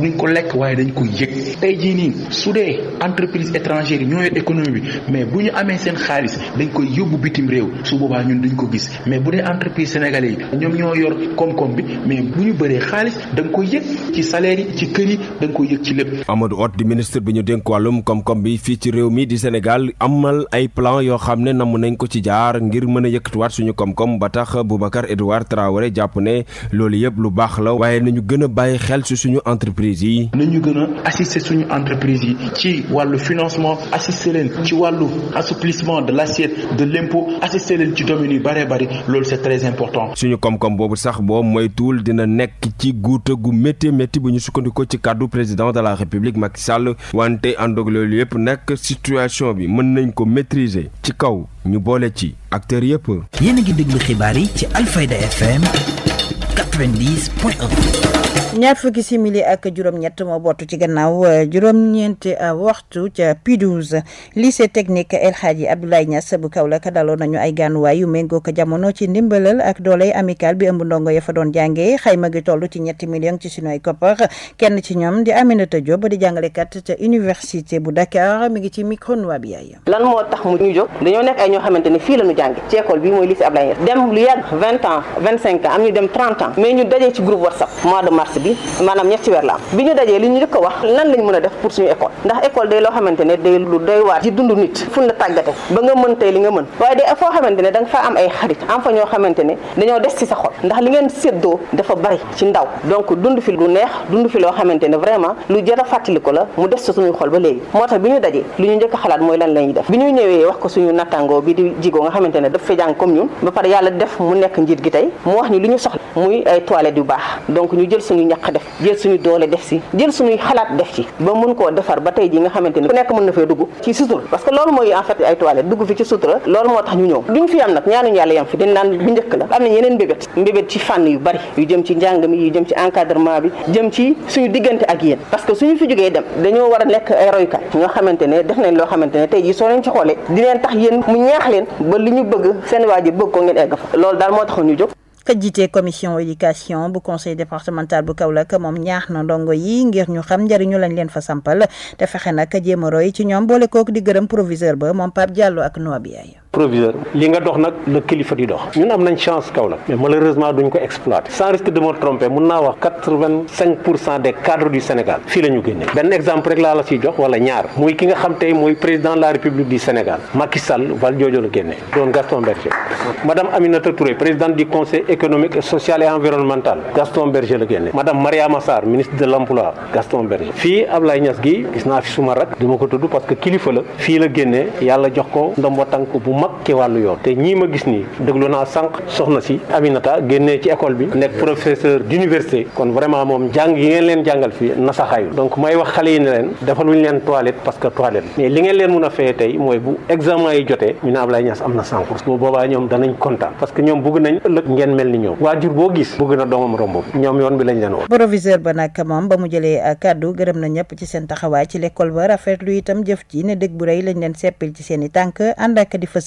tey jii nii su dee entreprise étrangère yi ñoo yor économie bi mais bu ñu amee seen xaalis dañ koy yóbbu bitim réew su boobaa ñun duñ ko gis mais bu dee entreprise sénégalais yi ñoom ñoo yor koom-koom bi mais bu ñu bëree xaalis da nga koy yëg ci salaire yi ci kër yi da koy yëg ci lépp. bi ñu dénk wàllum koom-koom fii ci réew mi di Sénégal amal ay plan yoo xam ne namm nañ ko ci jaar ngir mën a yëkkatiwaat suñu koom-koom ba tax Boubacar Edouard Traoré jàpp ne loolu yëpp lu baax la waaye nañu gën a bàyyi xel ci suñu entreprise yi. suñu entreprise yi ci wàllu financement assister leen ci wàllu assouplissement de l'assiette de l'impôt assister leen ci domaine yu bëree bëri loolu c'est très important. suñu koom-koom boobu sax boobu moytuwul dina nekk ci guuta gu métti métti bu ñu sukkandiku ci kàddu président de la république Macky Sall wante àndoog loolu yëpp nag situation bi mën nañ ko maîtriser ci kaw ñu boole ci acteurs yëpp. yéen xibaar yi ci Alfayda ñaar fukki simili ak juróom-ñett moo bootu ci gannaaw euh, juróom-ñeenti euh, waxtu ca P12 lycée technique El Hadji Abdoulaye Niass bu Kaolack daloo nañu ay gaanuwaay yu méngoo ko jamono ci ndimbalal ak dooley amical bi ëmb ndongo ya fa doon jàngee xayma gi toll ci ñetti million ci sunu ay koppar kenn ci ñoom di Aminata Diop di jàngalekat ca université bu Dakar mi ngi ci micro noa bi yaay. lan moo tax mu ñu jóg dañoo nekk ay ñoo xamante ne fii la lu yàgg vingt ans vingt cinq bi maanaam ñetti weer la am bi ñu dajee li ñu njëkk wax lan lañ mën a def pour suñu école ndax école day loo xamante ne day lu doy waar ci dund nit fun la tàggate ba nga mën tey li nga mën waaye day foo xamante ne da nga faa am ay ndaw donc dund fi lu neex dund fi loo xamante ne vraiment lu jar a fàttali ko la mu des ci suñu xol ba léegi moo tax bi ñu dajee li ñu njëkk a xalaat mooy lan lañuy def bi ñu ñëwee wax ko suñu nattangoo bi di jigoo nga xamante ne daf fa jàng comme ñun ba pare yàlla def mu nekk njiit gi tey mu wax ñu li ñu soxla muy ay toilettes yu baax donc ñu jël suñu ñaq def jël suñu doole def si jël suñuy xalaat def ci ba mun koo defar ba tey ji nga xamante ku nekk mën na fee dugg ci sutura parce que loolu mooy en ay toilettes dugg fi ci sutura loolu moo tax ñu ñëw duñ fi am nag ñaanuñu yàlla yam fi dañ naan bu njëkk la am nañ yeneen mbébét mbébét ci fànn yu bari yu jëm ci njàng mi yu jëm ci encadrement bi jëm ci suñu diggante ak yéen parce que suñu fi jógee dem dañoo war a nekk ay roykat ñoo ka jiite commission éducation bu conseil départemental bu Kaolack moom ñaax na dongo yi ngir ñu xam njëriñu lañ leen fa sampal te fexe nag jéem a roy ci ñoom boole kook di gërëm proviseur ba moom Pape Diallo ak Noa proviseur li nga dox nag la kilifa di dox ñun am nañ chance Kaolack mais malheureusement duñ ko exploité sans risque de me mun naa wax quatre vingt du Sénégal fii la génne benn exemple rek laa la siy jox wala ñaar muy ki nga xam tey mooy président la République du Sénégal Macky Sall Valdiodio la génne doon Gaston Berger madame Aminata Touré présidente du conseil économique social et environnemental Gaston Berger la génne madame Mariama Sarr ministre mag ci wàllu yoon te ñii ma gis nii déglu naa sànq soxna si Aminata génnee ci école bi nekk professeur d'université kon vraiment moom jàng yi ngeen leen jàngal fii nasaxaayu donc may wax xale yi ne leen defaluñ leen toilette parce que toilette mais li ngeen leen mun a feye tey mooy bu examen yi jotee ñu ne Ablaye Niass am na concours bu boobaa ñoom danañ kontaan parce que ñoom bëgg nañ ëllëg ngeen mel ni ñoom waajur boo gis bëgg na doomam romb ñoom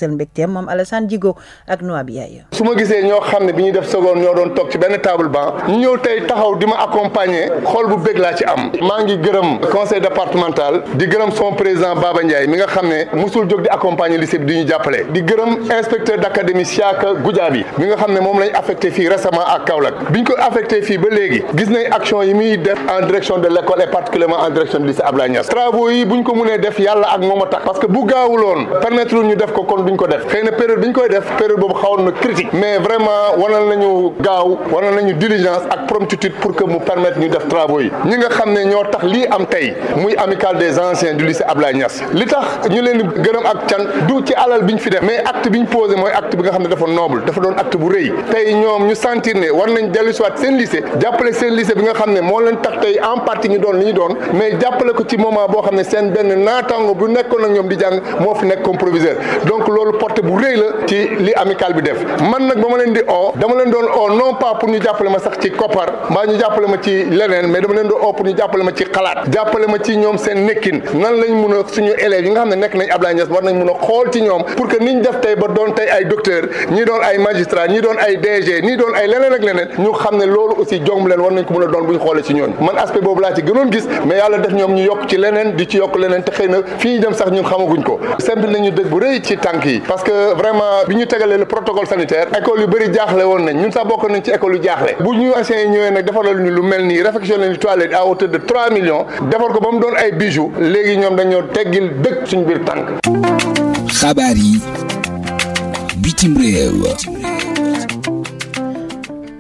yeesal mbégteem moom Alassane Djigo ak Noa Biaye. su ma gisee ñoo xam ne bi ñuy def seconde ñoo doon toog ci benn table banc ñu ñëw tey taxaw di ma accompagner xool bu bég laa ci am maa ngi gërëm conseil départemental di gërëm son président Baba Ndiaye mi nga xam ne mosul jóg di accompagner lycée bi di ñu jàppale di gërëm inspecteur d' académie Siaka Goudiaby mi nga xam ne moom lañ affecté fii récemment ak Kaolack biñ ko affecté fii ba léegi gis nañ action a biñ ko def xëy na période koy def période boobu xawoon na critique mais vraiment wanal nañu gaaw wanal nañu diligence ak promptitude pour que mu permettre ñu def travaux yi ñi nga xam ne ñoo tax lii am tey muy amicale des anciens du lycée Ablaye Niass li tax ñu leen di gërëm ak can du ci alal ñu fi def mais acte biñ posé mooy acte bi nga xam ne dafa noble dafa doon acte bu rëy tey ñoom ñu sentir ne war nañ dellu siwaat seen lycée jàppale seen lycée bi nga xam ne moo leen tax tey en partie ñu ñu doon mais jàppale ko ci moment boo xam ne seen benn naataango bu nekkoon ak ñoom di jàng moo fi nekk comme loolu porte bu rëy la ci li amical bi def man nag ba ma leen di oo dama leen doon oo non pas pour ñu jàppale ma sax ci koppar mbaa ñu jàppale ma ci leneen mais dama leen doon oo pour ñu jàppale ma ci xalaat jàppale ma ci ñoom seen nekkin nan lañ mun a suñu élèves yi nga xam ne nekk nañ Ablaye Niass war nañ mun a xool ci ñoom pour que niñ def tey ba doon tey ay docteur ñi doon ay magistrat ñi doon ay DG ñi doon ay leneen ak leneen ñu xam ne ko fii parce que vraiment bi ñu tegalee le protocole sanitaire école yu bëri jaaxle woon nañ ñun sax bokk nañ ci école yu jaaxle bu ñu anciens yi ñëwee nag defaral ñu lu mel nii réfectionné ñu toilette à hauteur de 3 millions defar ko ba mu doon ay bijoux léegi ñoom dañoo teggil dëkk suñu biir tànk xabaar yi bitim réew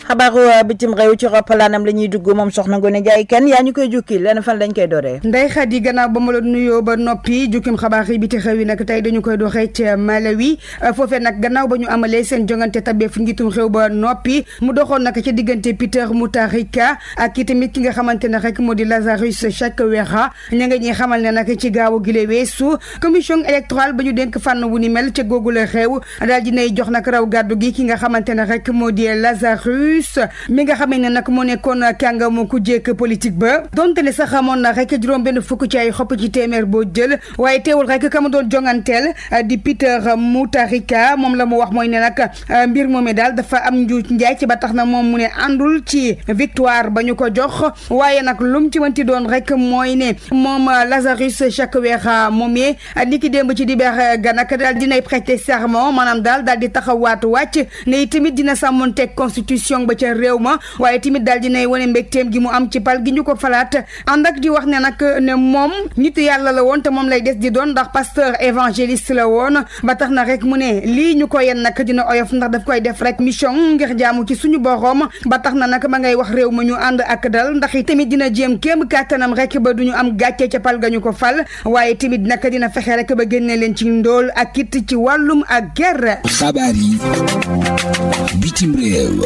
xabaaru euh, bitim réew ci roppalaanam la ñuy dugg moom soxna Ngoné Ndiaye Kane yaa ñu koy jukki lenn fan lañ koy dooree Ndeye Khady gannaaw ba ma la nuyoo ba noppi jukkim xabaar yi biti réew yi nag tey dañu koy doxee ca Malawi euh, foofee nag gannaaw ba ñu amalee seen jongante tabeef njiitum réew ba noppi mu doxoon nag ci diggante Peter Mutharika ak ki tamit ki nga xamante ne rek moo di Lazarus Chakwera ña nga ñuy xamal ne nag ci gaaw gile weesu commission électorale ba ñu dénk fànn wu ni mel ca googu la réew daal dinay jox nag raw gàddu gi ki nga xamante ne rek moo di Lazarus Russes mi nga xamee ne nag moo nekkoon kàngamu ku jékk politique ba donte ne sax amoon na rek juróom benn fukk ci ay xopp ci téeméer boo jël waaye teewul rek ka mu doon jonganteel di Peter Mutharika moom la mu wax mooy ne nag euh, mbir moomee daal dafa am njuuj njaay ci ba tax na moom mu ne àndul ci victoire ba ñu ko jox waaye nag lum ci mënti doon rek mooy ne moom Lazarus chaque weer moomee ni ki démb ci dibeer ga nag daal dinay prêter serment maanaam daal daal di taxawaatu wàcc ne tamit dong ba ca réew ma waaye tamit daal di nay wane mbégteem gi mu am ci pal gi ñu ko falaat ànd ak wax ne nag ne moom nit yàlla la woon moom lay des di doon ndax pasteur évangéliste la woon ba tax na rek mu ne lii ñu ko yenn nak dina oyof ndax daf koy def rek mission ngir jaamu ci suñu borom ba tax na nag ma ngay wax réew ma ñu ànd ak dal ndax tamit dina jéem kéem kàttanam rek ba duñu am gàcce ca pal ga ñu ko fal waaye tamit nag dina fexe rek ba génnee leen ci ndool ak it ci wàllum ak ger xabaar yi bitim réew.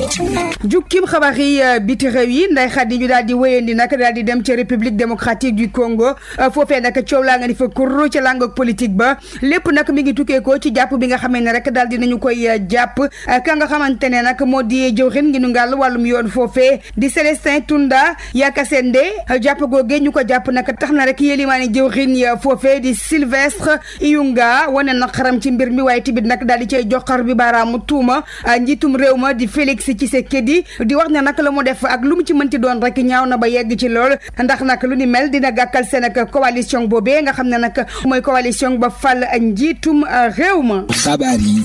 jukkim xabaar yi euh, biti réew yi nday xat yi ñu daal wéyandi nag daal dem ci république démocratique du Congo euh, foofee nag coow laa nga ni fa kur ci langue politique ba lépp nag mi ngi tukkee ko ci jàpp bi nga xamee ne rek daal di nañu koy euh, ne nag moo di jëwrin ngi nu ngàll wàllum yoon foofee di Célestin Tunda Yakasende jàpp googee ñu ko jàpp nag tax na rek yélimaani jëwrin ya foofee di Sylvestre Iyunga wane na xaram ci mbir mi waaye tamit nag daal di cay joxar bi baaraamu tuuma njiitum réew ma di Félix Tshisekedi di di wax ne nag la mu def ak lu mu ci mënti doon rek ñaaw na ba yegg ci lool ndax nag lu ni mel dina gàkkal seen ak coalition boobee nga xam ne nag mooy coalition ba fal njiitum euh, réew ma. xabaar yi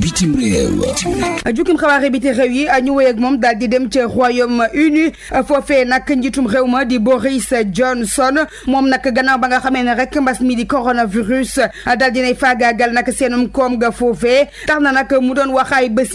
bitim réew. jukkim xabaar yi bitim réew yi ñu wéy ak moom daal di dem ca Royaume-Uni foofee nag njiitum réew ma di Boris Johnson moom nag gannaaw ba nga xamee ne rek mbas mi di coronavirus daal dinay faagaagal nag seenum koom ga foofee tax na nag mu doon waxaay bés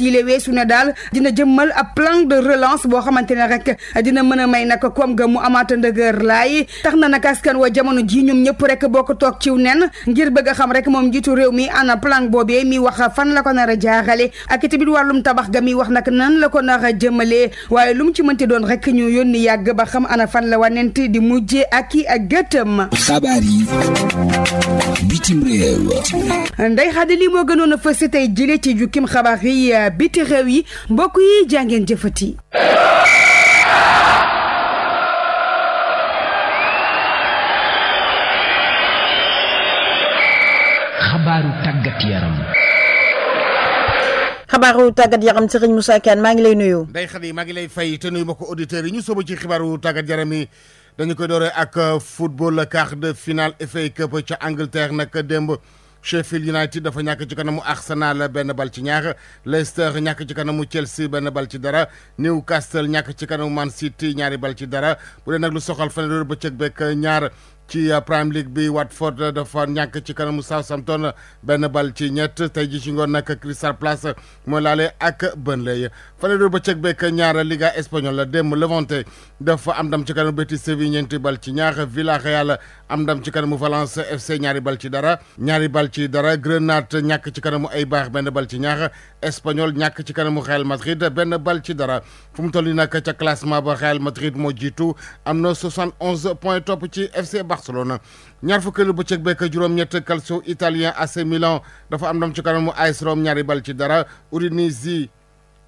dina jëmmal ab plan de relance boo xamante ne rek dina mën a may nak koom ga mu amaata ndëgër laay tax na nag askan wa jamono ji ñoom ñëpp rek boo ko toog ciw nen ngir bëgg xam rek moom njiitu réew mi ana plan boobe mi wax fan la ko nar a jaarale ak itamit wàllum tabax ga mi wax nag nan la ko nar a jëmalee waaye lu mu ci mënti doon rek ñu yónni yàgg ba xam ana fan la wanent di mujjee ak i ak gëtëm. xabaar yi bitim a fës tey jëlee ci jukkim xabaar yi biti réew yi. mbokk yi jàngeen jëfati xabaaru tàggat yaram xabaaru tàggat yaram Serigne Moussa Kane maa ngi lay nuyu. Ndeye Khady maa ngi lay fay te nuyu mbokku auditeurs yi ñu sóobu ci xibaaru tàggat yaram yi dañu koy dooree ak football quart de finale FA Cup ca Angleterre nag démb. Sheffield United dafa ñàkk ci kanamu Arsenal benn bal ci ñaar Leicester ñàkk ci kanamu Chelsea benn bal ci dara Newcastle ñàkk ci kanamu Man City ñaari bal ci dara bu dee nag lu soxal fanweeri bëccëg beeg ñaar. ci uh, Premier League bi Watford dafa ñàkk ci kanamu Southampton benn bal ci ñett tey ji ci ngoon nag Crystal Palace moo laale ak Burnley fanweeri bëccëg bekk ñaar Liga espagnole démb Levante dafa am ndam ci kanamu Betis Séville ñeenti bal ci ñaax villa Villarreal am ndam ci kanamu Valence FC ñaari bal ci dara ñaari bal ci dara Grenade ñàkk ci kanamu Eibar benn bal ci ñaax Espanyol ñàkk ci kanamu Real Madrid benn bal ci dara fu mu toll nii nag ca classement ba Real Madrid moo jiitu am na 71 points topp ci FC Barcelone. ñaar fukkeelu bëccëg bekk juróom-ñett calcio italien AC Milan dafa am ndam ci kanamu AS Rome ñaari bal ci dara Udinese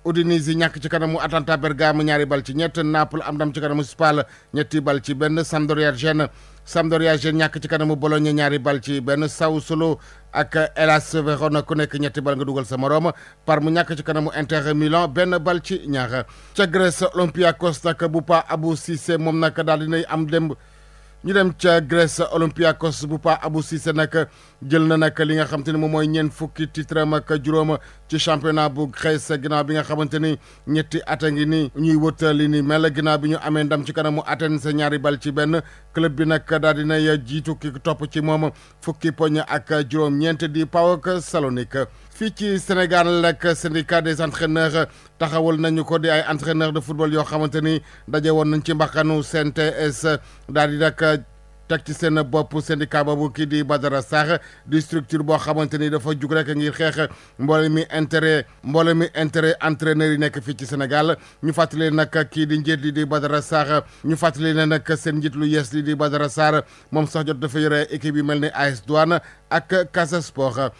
Udinese ñàkk ci kanamu Atalanta Bergamo ñaari bal ci ñett Naples am ndam ci kanamu Spal ñetti bal ci benn Sampdoria Gênes Sampdoria Gênes ñàkk ci kanamu Bologna ñaari bal ci benn Sassuolo ak Hellas na ku nekk ñetti bal nga dugal sa par mu ñàkk ci kanamu Inter Milan benn bal ci ñaar ca Grèce Olympiakos nag bu Pa Abou Cissé moom nag daal dinay am démb ñu dem ca Grèce cos bu Pa Abou sise nag jël na nag li nga xam ne moom mooy ñeent fukki titre ak juróom ci championnat bu Grèce ginnaaw bi nga xamante ni ñetti at ngi nii ñuy wut li ni mel ginnaaw bi ñu amee ndam ci kanamu Athènes ñaari bal ci benn club bi nag daal di nay jiitu ki topp ci moom fukki poñ ak juróom-ñeent di PAOK Salonique. fii ci Sénégal nag syndicat des entraîneurs taxawal nañu ko di ay entraîneurs de football yoo xamante ni daje woon nañ ci mbaxanu CNTS daal di nag. teg ci seen bopp syndicat boobu kii di Badara Sakh di structure boo xamante ni dafa jug rek ngir xeex mboole mi intérêt mboole mi intérêt entraîneur yi nekk fii ci Sénégal ñu fàttali nag kii di njiit li di Badara Sakh ñu fàttali ne nag seen njiit lu yees li di Badara Sarr moom sax jot dafa yore équipe yi mel ni AS Douane ak Casa Sport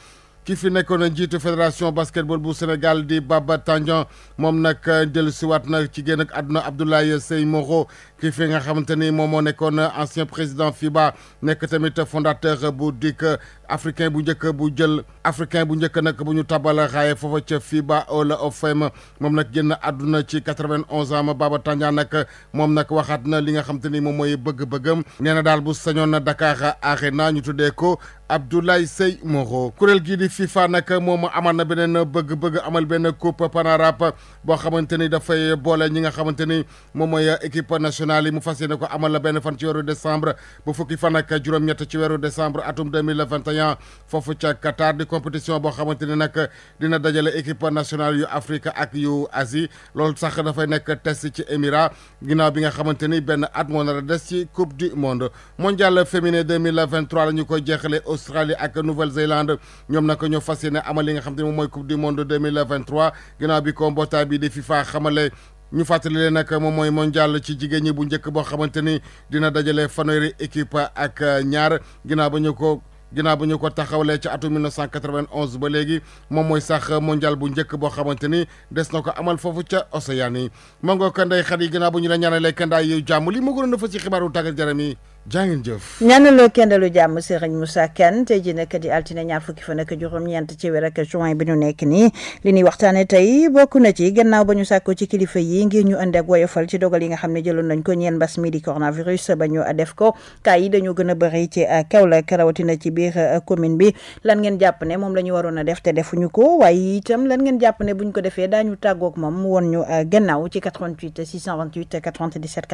ki fi nekkoon njiitu fédération basketball bu Sénégal di Baba Tandian moom nag euh, dellusiwaat na ci génn ak àdduna Abdoulaye Seye Moro ki fi nga xamante ni moom moo nekkoon euh, ancien président FIBA nekk tamit fondateur bu dikk euh, africain bu njëkk bu jël africain bu njëkk nag bu ñu tabal raaye foofa ca FIBA Hall of Fame moom nag génn àdduna ci 91 ans Baba Tandian nag moom nag waxaat na li nga xamante ni moom mooy bëgg-bëggam nee na daal bu sañoon na Dakar Arena ñu tuddee ko. Abdoulaye Sey Moro kuréel gii di FIFA nag moom amal na beneen bëgg-bëgg amal benn coupe panarap boo xamante ni dafay boole ñi nga xamante ni moom mooy équipe nationale yi mu fas yéene ko amal benn fan ci weeru décembre bu fukki fan ak juróom-ñett ci weeru décembre atum deux mille vingt et foofu ca Qatar di compétition boo xamante ni nag dina dajale équipe nationale yu Afrique ak yu Asie loolu sax dafay nekk test ci Émirats ginnaaw bi nga xamante ni benn at moo nar des ci coupe du monde mondial féminin deux mille vingt la ñu koy jeexalee. Australie ak Nouvelle-Zélande ñoom nag ñoo fas yéene amal yi nga xam te moom mooy coupe du monde deux mille vingt trois ginnaaw bi ko mbootaay bi di FIFA xamale. ñu fàttali leen nag moom mooy mondial ci jigéen ñi bu njëkk boo xamante ni dina dajale fanweeri équipe ak ñaar ginnaaw ba ñu ko ginnaaw ba ñu ko taxawalee ci atum 1991 ba léegi moom mooy sax mondial bu njëkk boo xamante ni des na ko amal foofu ca Océanie yi. moo ngi ko ndey xar yi bu ñu la ñaanalee kandaay yu jàmm li mu gënoon a fa ci xibaaru tàggat jaram yi. jaa ngeen jëf ñaanaloo kenn lu jàmm Serigne Moussa Kane tey jii nag altine ñaar fukki fan ak juróom-ñeent ci weer ak juin bi ñu nekk nii li ñuy waxtaanee tey bokk na ci gannaaw ba ñu sàkkoo ci kilifa yi ngir ñu ànd ak woyofal ci dogal yi nga xam ne jëloon nañ ko ñeel mbas mi di coronavirus ba ñu def ko cas yi dañu gën a bëri ci euh, Kaolack rawatina ci euh, bi lan ngeen jàpp ne moom la waroon a def te defuñu ko waaye itam lan ngeen jàpp ne buñ ko defee daañu tàggoog moom woon ñu euh, gannaaw ci 88 628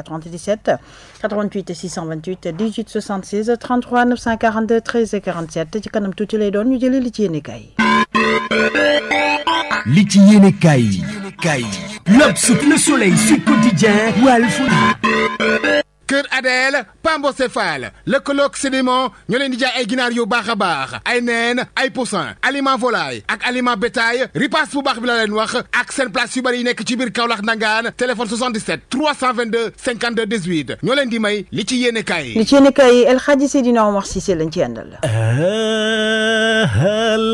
97 te 18 76 33 942 13 47 ci kanam tuuti doon ñu jëlee li ci yéene kaay li ci yéene kaay yi kaay yi L'Obs, Le Soleil, Sud Quotidien, Walf Kër Adel Pambo Céphale lëkkaloog sédiment ñoo leen di jaay ay ginaar yu baax a baax ay neen ay poussin aliment volaille ak aliment bétail ripaas bu baax bi la leen wax ak seen place yu bëri yi nekk ci biir Kaolack Ndangaan téléphone 77 322 52 18 ñoo leen di may li ci yéene kaay yi. li ci yéene kaay yi El Hadji Seydina Omar Cissé lañ ci àndal.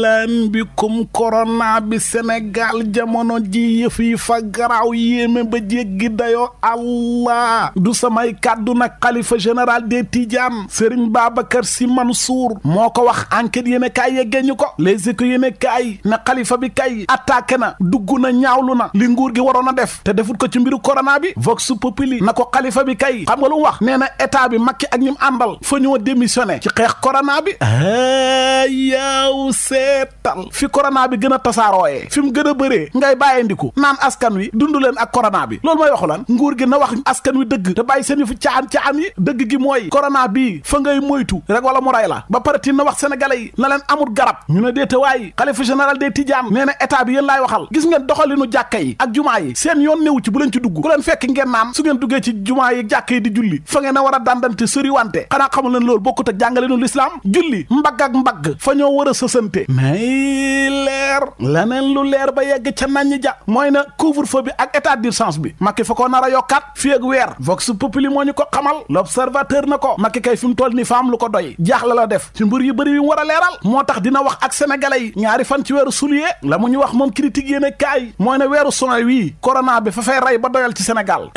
lan bikum corona bi Sénégal jamono ji yëf yi fa garaaw yéeme ba jéggi dayoo Allah du samay kàddu kàddu nag kalifa général des Tidiane Serigne Babacar Sy Mansour moo ko wax enquête yéen a kaay yeggee ñu ko les échos yéen a kaay na kalifa bi kay attaqué na dugg na ñaawlu na li nguur gi waroon a def te defut ko ci mbiru corona bi vox populi na ko kalifa bi kay xam nga lu mu wax nee na état bi Macky ak ñim àndal fa ñoo démissionné ci xeex corona bi yaw seetal fi corona bi gën a tasaarooyee fi mu gën a bëree ngay bàyyeendiku naan askan wi dund leen ak corona bi loolu mooy wi dëgg nga am ci am yi dëgg gi mooy corona bii fa ngay moytu rek wala mu la ba pare tin na wax sénégalais yi na leen amul garab ñu ne déetawaay xalifa général des Tidiane nee na état bi yéen laay waxal gis ngeen doxalinu jàkka yi ak jumaa yi seen yoon néew ci bu leen ci dugg ku leen fekk ngeen naan su ngeen duggee ci jumaa yi jàkka yi di julli fa ngeen a war a dandante sëriwante xanaa xamul leen loolu bokkut ak lislaam julli mbagg ak mbagg fa lu leer ba yegg ca nañ ja mooy na couvre feu ak état d'urgence bi Macky fa ko nar a yokkaat ko xamal l'observateur na ko Macky kay fi mu toll ni faam ko doy jaaxle la def ci mbir yu bëri yu mu war a leeral moo tax dina wax ak sénégalais yi ñaari fan ci weeru sulyee la mu ñu wax moom critique yéen a kaay mooy ne weeru sunay wii corona bi fa fay rey ba doyal ci senegal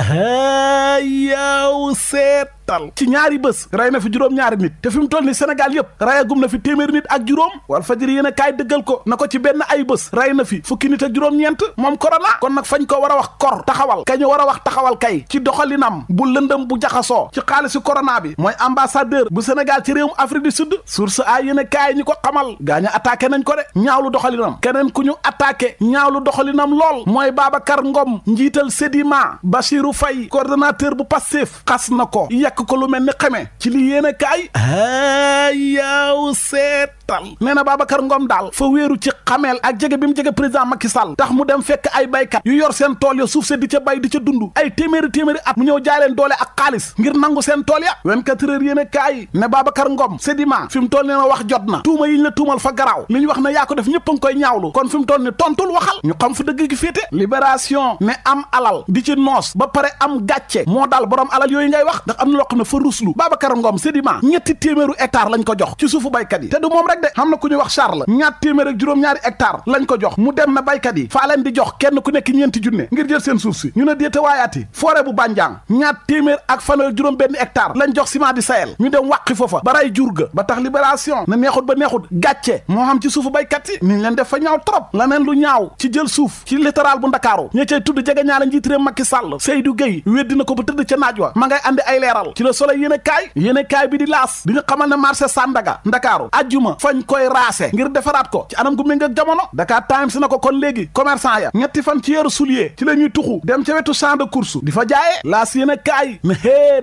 yow seet tal ci ñaari bés rey na fi juróom-ñaari nit te fi mu toll ni Sénégal yëpp rayagum na fi téeméeri nit ak juróom Walf Fadjri yéen a kaay dëggal ko na ko ci benn ay bés rey na fi fukki nit ak juróom-ñeent moom korona kon nag fañ ko war a wax kor taxawal kañu war a wax taxawal kay ci doxalinam bu lëndëm bu jaxasoo ci xaalisu korona bi mooy ambassadeur bu Sénégal ci réewum Afrique du Sud source a yéen a kaay ñi ko xamal gaañu attaqué nañ ko rek ñaawlu doxalinam keneen ku ñu attaqué ñaawlu doxalinam lool mooy Babacar Ngom njiital Sedima Bassirou Faye coordonnateur bu Pastef xas na ko takk ko lu mel ni xamee ci li yéen a kaay ayaw seetal nee na Babacar ngoom daal fa wéeru ci xameel ak jege bi mu jege président Macky Sall tax mu dem fekk ay baykat yu yor seen tool ya suuf se di ca bay di ca dund ay téeméeri téeméeri at mu ñëw jaay doole ak xaalis ngir nangu seen tool ya 24 heures yéen a kaay ne Babacar Ngom Sedima fi mu toll ne na wax jot na tuuma yi ñu la tuumal fa garaaw li ñu wax na yaa ko def ñëpp ngi koy ñaawlu kon fi mu toll ni tontul waxal ñu xam fu dëgg gi féete libération ne di ci ba pare am gàcce moo daal borom alal yooyu yokk na fa ruslu Babacar Ngom Sedima ñetti téeméeru hectare lañ ko jox ci suufu baykat yi te moom rek de xam na ku wax Charles ñaar téeméer ak juróom-ñaari lañ ko jox mu dem na baykat yi faa leen di jox kenn ku nekk ñeenti junne ngir jël seen suuf si ñu ne déete waayaati forêt bu Bandiang ñaar téeméer ak fanweer juróom benn hectare lañ jox ciment du Sahel ñu dem wàqi foofa ba ray jur ga ba tax libération na neexut ba neexut gàcce moo xam ci suufu baykat yi niñ leen def fa ñaaw trop la neen lu ñaaw ci jël suuf ci littoral bu Ndakaaru ñe cay tudd jege ñaala njiit réew Macky Sall Seydou Gueye weddi na ko ba tëdd ca naaj wa ma ngay andi ay leeral ci la Soleil yéen a kaay yéen kaay bi di laas di ñu xamal ne marché Sandaga Ndakaaru ajjuma fañ koy raase ngir defaraat ko ci anam gu méngoo ak jamono Dakar Times na ko kon léegi commerçant ya ñetti fan ci yeeru soulier ci la ñuy tuxu dem ca wetu champ de di fa jaayee laas yéen a kaay ne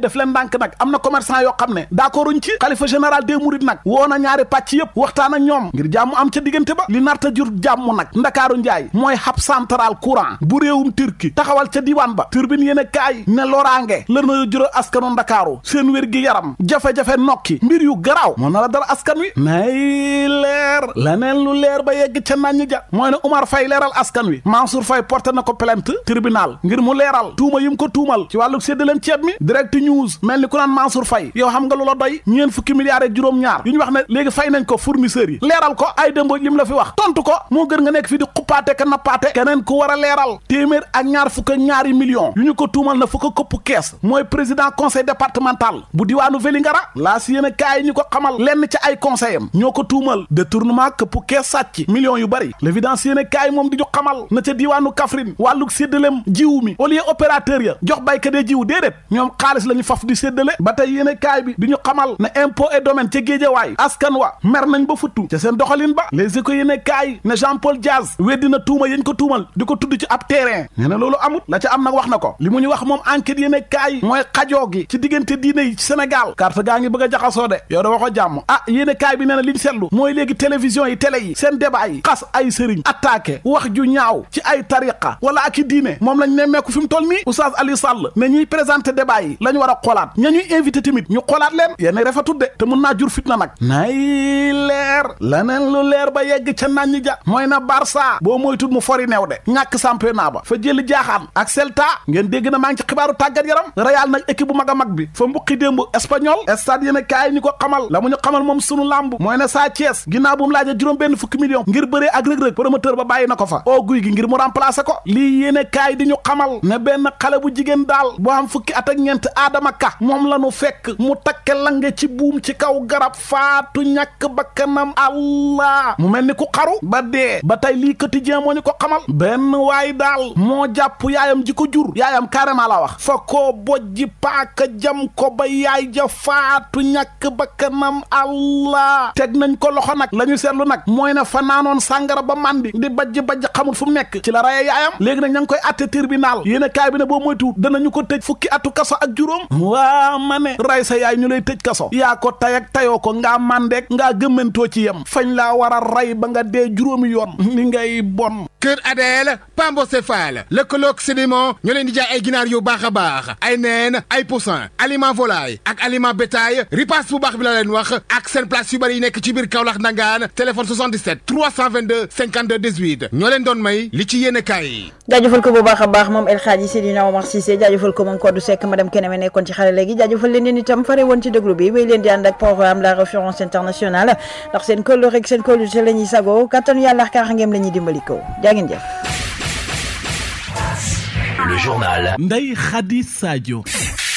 def leen ndànk nag am na commerçant yoo xam ne d'accorduñ ci xalifa général des mourides nag woo na ñaari pàcc yëpp waxtaan ak ñoom ngir jàmm am ca diggante ba li narta jur jàmm nag Ndakaaru njaay mooy hab central courant bu réewum Turquie taxawal ca diwaan ba turbine yéen a kaay ne loraange la na jural askanu Ndakaar taaru seen wér gi yaram jafe-jafe nokki mbir yu garaaw moo na la dara askan wi nay leer laneen lu leer ba yegg ca nañ ja mooy ne Umar Fay leeral askan wi Mansour Fay porté na ko plainte tribunal ngir mu leeral tuuma yi mu ko tuumal ci wàllu séddaleen ceeb mi direct news mel ni ku naan Mansour Fay yow xam nga lu la doy ñeen fukki milliards juróom-ñaar yu ñu wax ne léegi fay nañ ko fournisseurs yi leeral ko ay dëmbo lim la fi wax tontu ko moo gën nga nekk fii di xuppaate ka nappaate keneen ku war a leeral téeméer ak ñaar fukk ak ñaari millions yu ñu ko tuumal départemental bu diwaanu Vélingara laas yéen a kaay ñu ko xamal lenn ci ay conseil am ñoo ko tuumal détournement këpp kees sàcc millions yu bari l'évidence yéen kaay moom di ñu xamal na ca diwaanu Kaffrine wàlluk séddaleem jiwu mi au lieu opérateur ya jox baykat ya jiwu déedéet ñoom xaalis la ñu faf di séddale ba tey yéen a kaay bi di ñu xamal na impôt e domaine ca géejawaay askan wa mer nañ ba futtu ca seen doxalin ba les éco yéen a kaay ne Jean Paul Diaz weddi na tuuma ko tuumal di ko tudd ci ab terrain nee na loolu amut la ca am wax na ko li mu wax moom enquête yéen a kaay mooy xajoo diggante diine Sénégal carte gaa ngi bëgg a jaxasoo de yow da waxoo jàmm a ah, yéene bi nee na li ñu seetlu mooy léegi télévision yi télé yi seen débat yi xas ay sëriñ attaqué wax ju ñaaw ci ay tariqa wala ak i diine moom lañ nemmeeku fi mu toll nii Oustaz Aliou Sall ne ñuy présenté débat yi la war a xoolaat ña ñuy invité tamit ñu xoolaat leen yéen refetut de te mun naa jur fitna nag nay leer la laneen lu leer ba yegg ca naan ñi ja mooy na Barça boo moytul mu fori neew de ñàkk championnat ba fa jëli jaaxaan ak Celta ngeen dégg na maa ngi ci xibaaru tàggat yaram Real nag équipe bu mag mag bi fa mbuqi démb espagnol stade yéen a kaay ñu ko xamal la mu ñu xamal moom sunu làmb mooy ne Sa Thiès ginnaaw bu mu juróom benn fukki million ngir bëree ak rëg-rëg promoteur ba bàyyi na ko fa oo guy gi ngir mu remplacer ko lii yéen a di ñu xamal ne benn xale bu jigéen daal bu am fukki at ak ñeent Adama Ka moom la nu fekk mu takke lange ci buum ci kaw garab faatu ñàkk bakkanam allah mu mel ni ku xaru ba dee ba tey lii quotidien moo ñu ko xamal benn waay daal moo jàpp yaayam ji ko jur yaayam carrément la wax fa koo bojji paaka jam ko ba yaay ja faatu ñàkk bakkanam allah teg nañ ko loxo nag la ñu seetlu nag mooy ne fanaanoon sàngara ba màndi di bajj-bajj xamul fu mu nekk ci la raye yaayam léegi nag ña ngi koy atte tribunal yéen a kaay bi ne boo moytuwut danañu ko tëj fukki atu kaso ak juróom waa ma ne ray sa yaay ñu lay tëj kaso yaa ko tay ak tayoo ko ngaa màndeek ngaa gëmmantoo ci yem fañ laa war a ray ba nga dee juróomi yoon ni ngay bon Kër Adel Pambo Céphale lëkkaloog sédiment ñoo leen di jaay ay ginaar yu baax a baax ay neen ay poussin aliment volaille ak aliment bétail ripaas bu baax bi la leen wax ak seen place yu bëri yi nekk ci biir Kaolack Ndangaan téléphone 77 322 52 18 ñoo leen doon may li ci yéene kaay yi. bu baax a baax moom El Hadji Seydina Omar Cissé jaajëfal ko moom Kodou Seck madame Keneme nekkoon ci xale léegi jaajëfal leen itam fare woon ci bi wéy leen di ànd ak programme la référence internationale ndax seen këll rek seen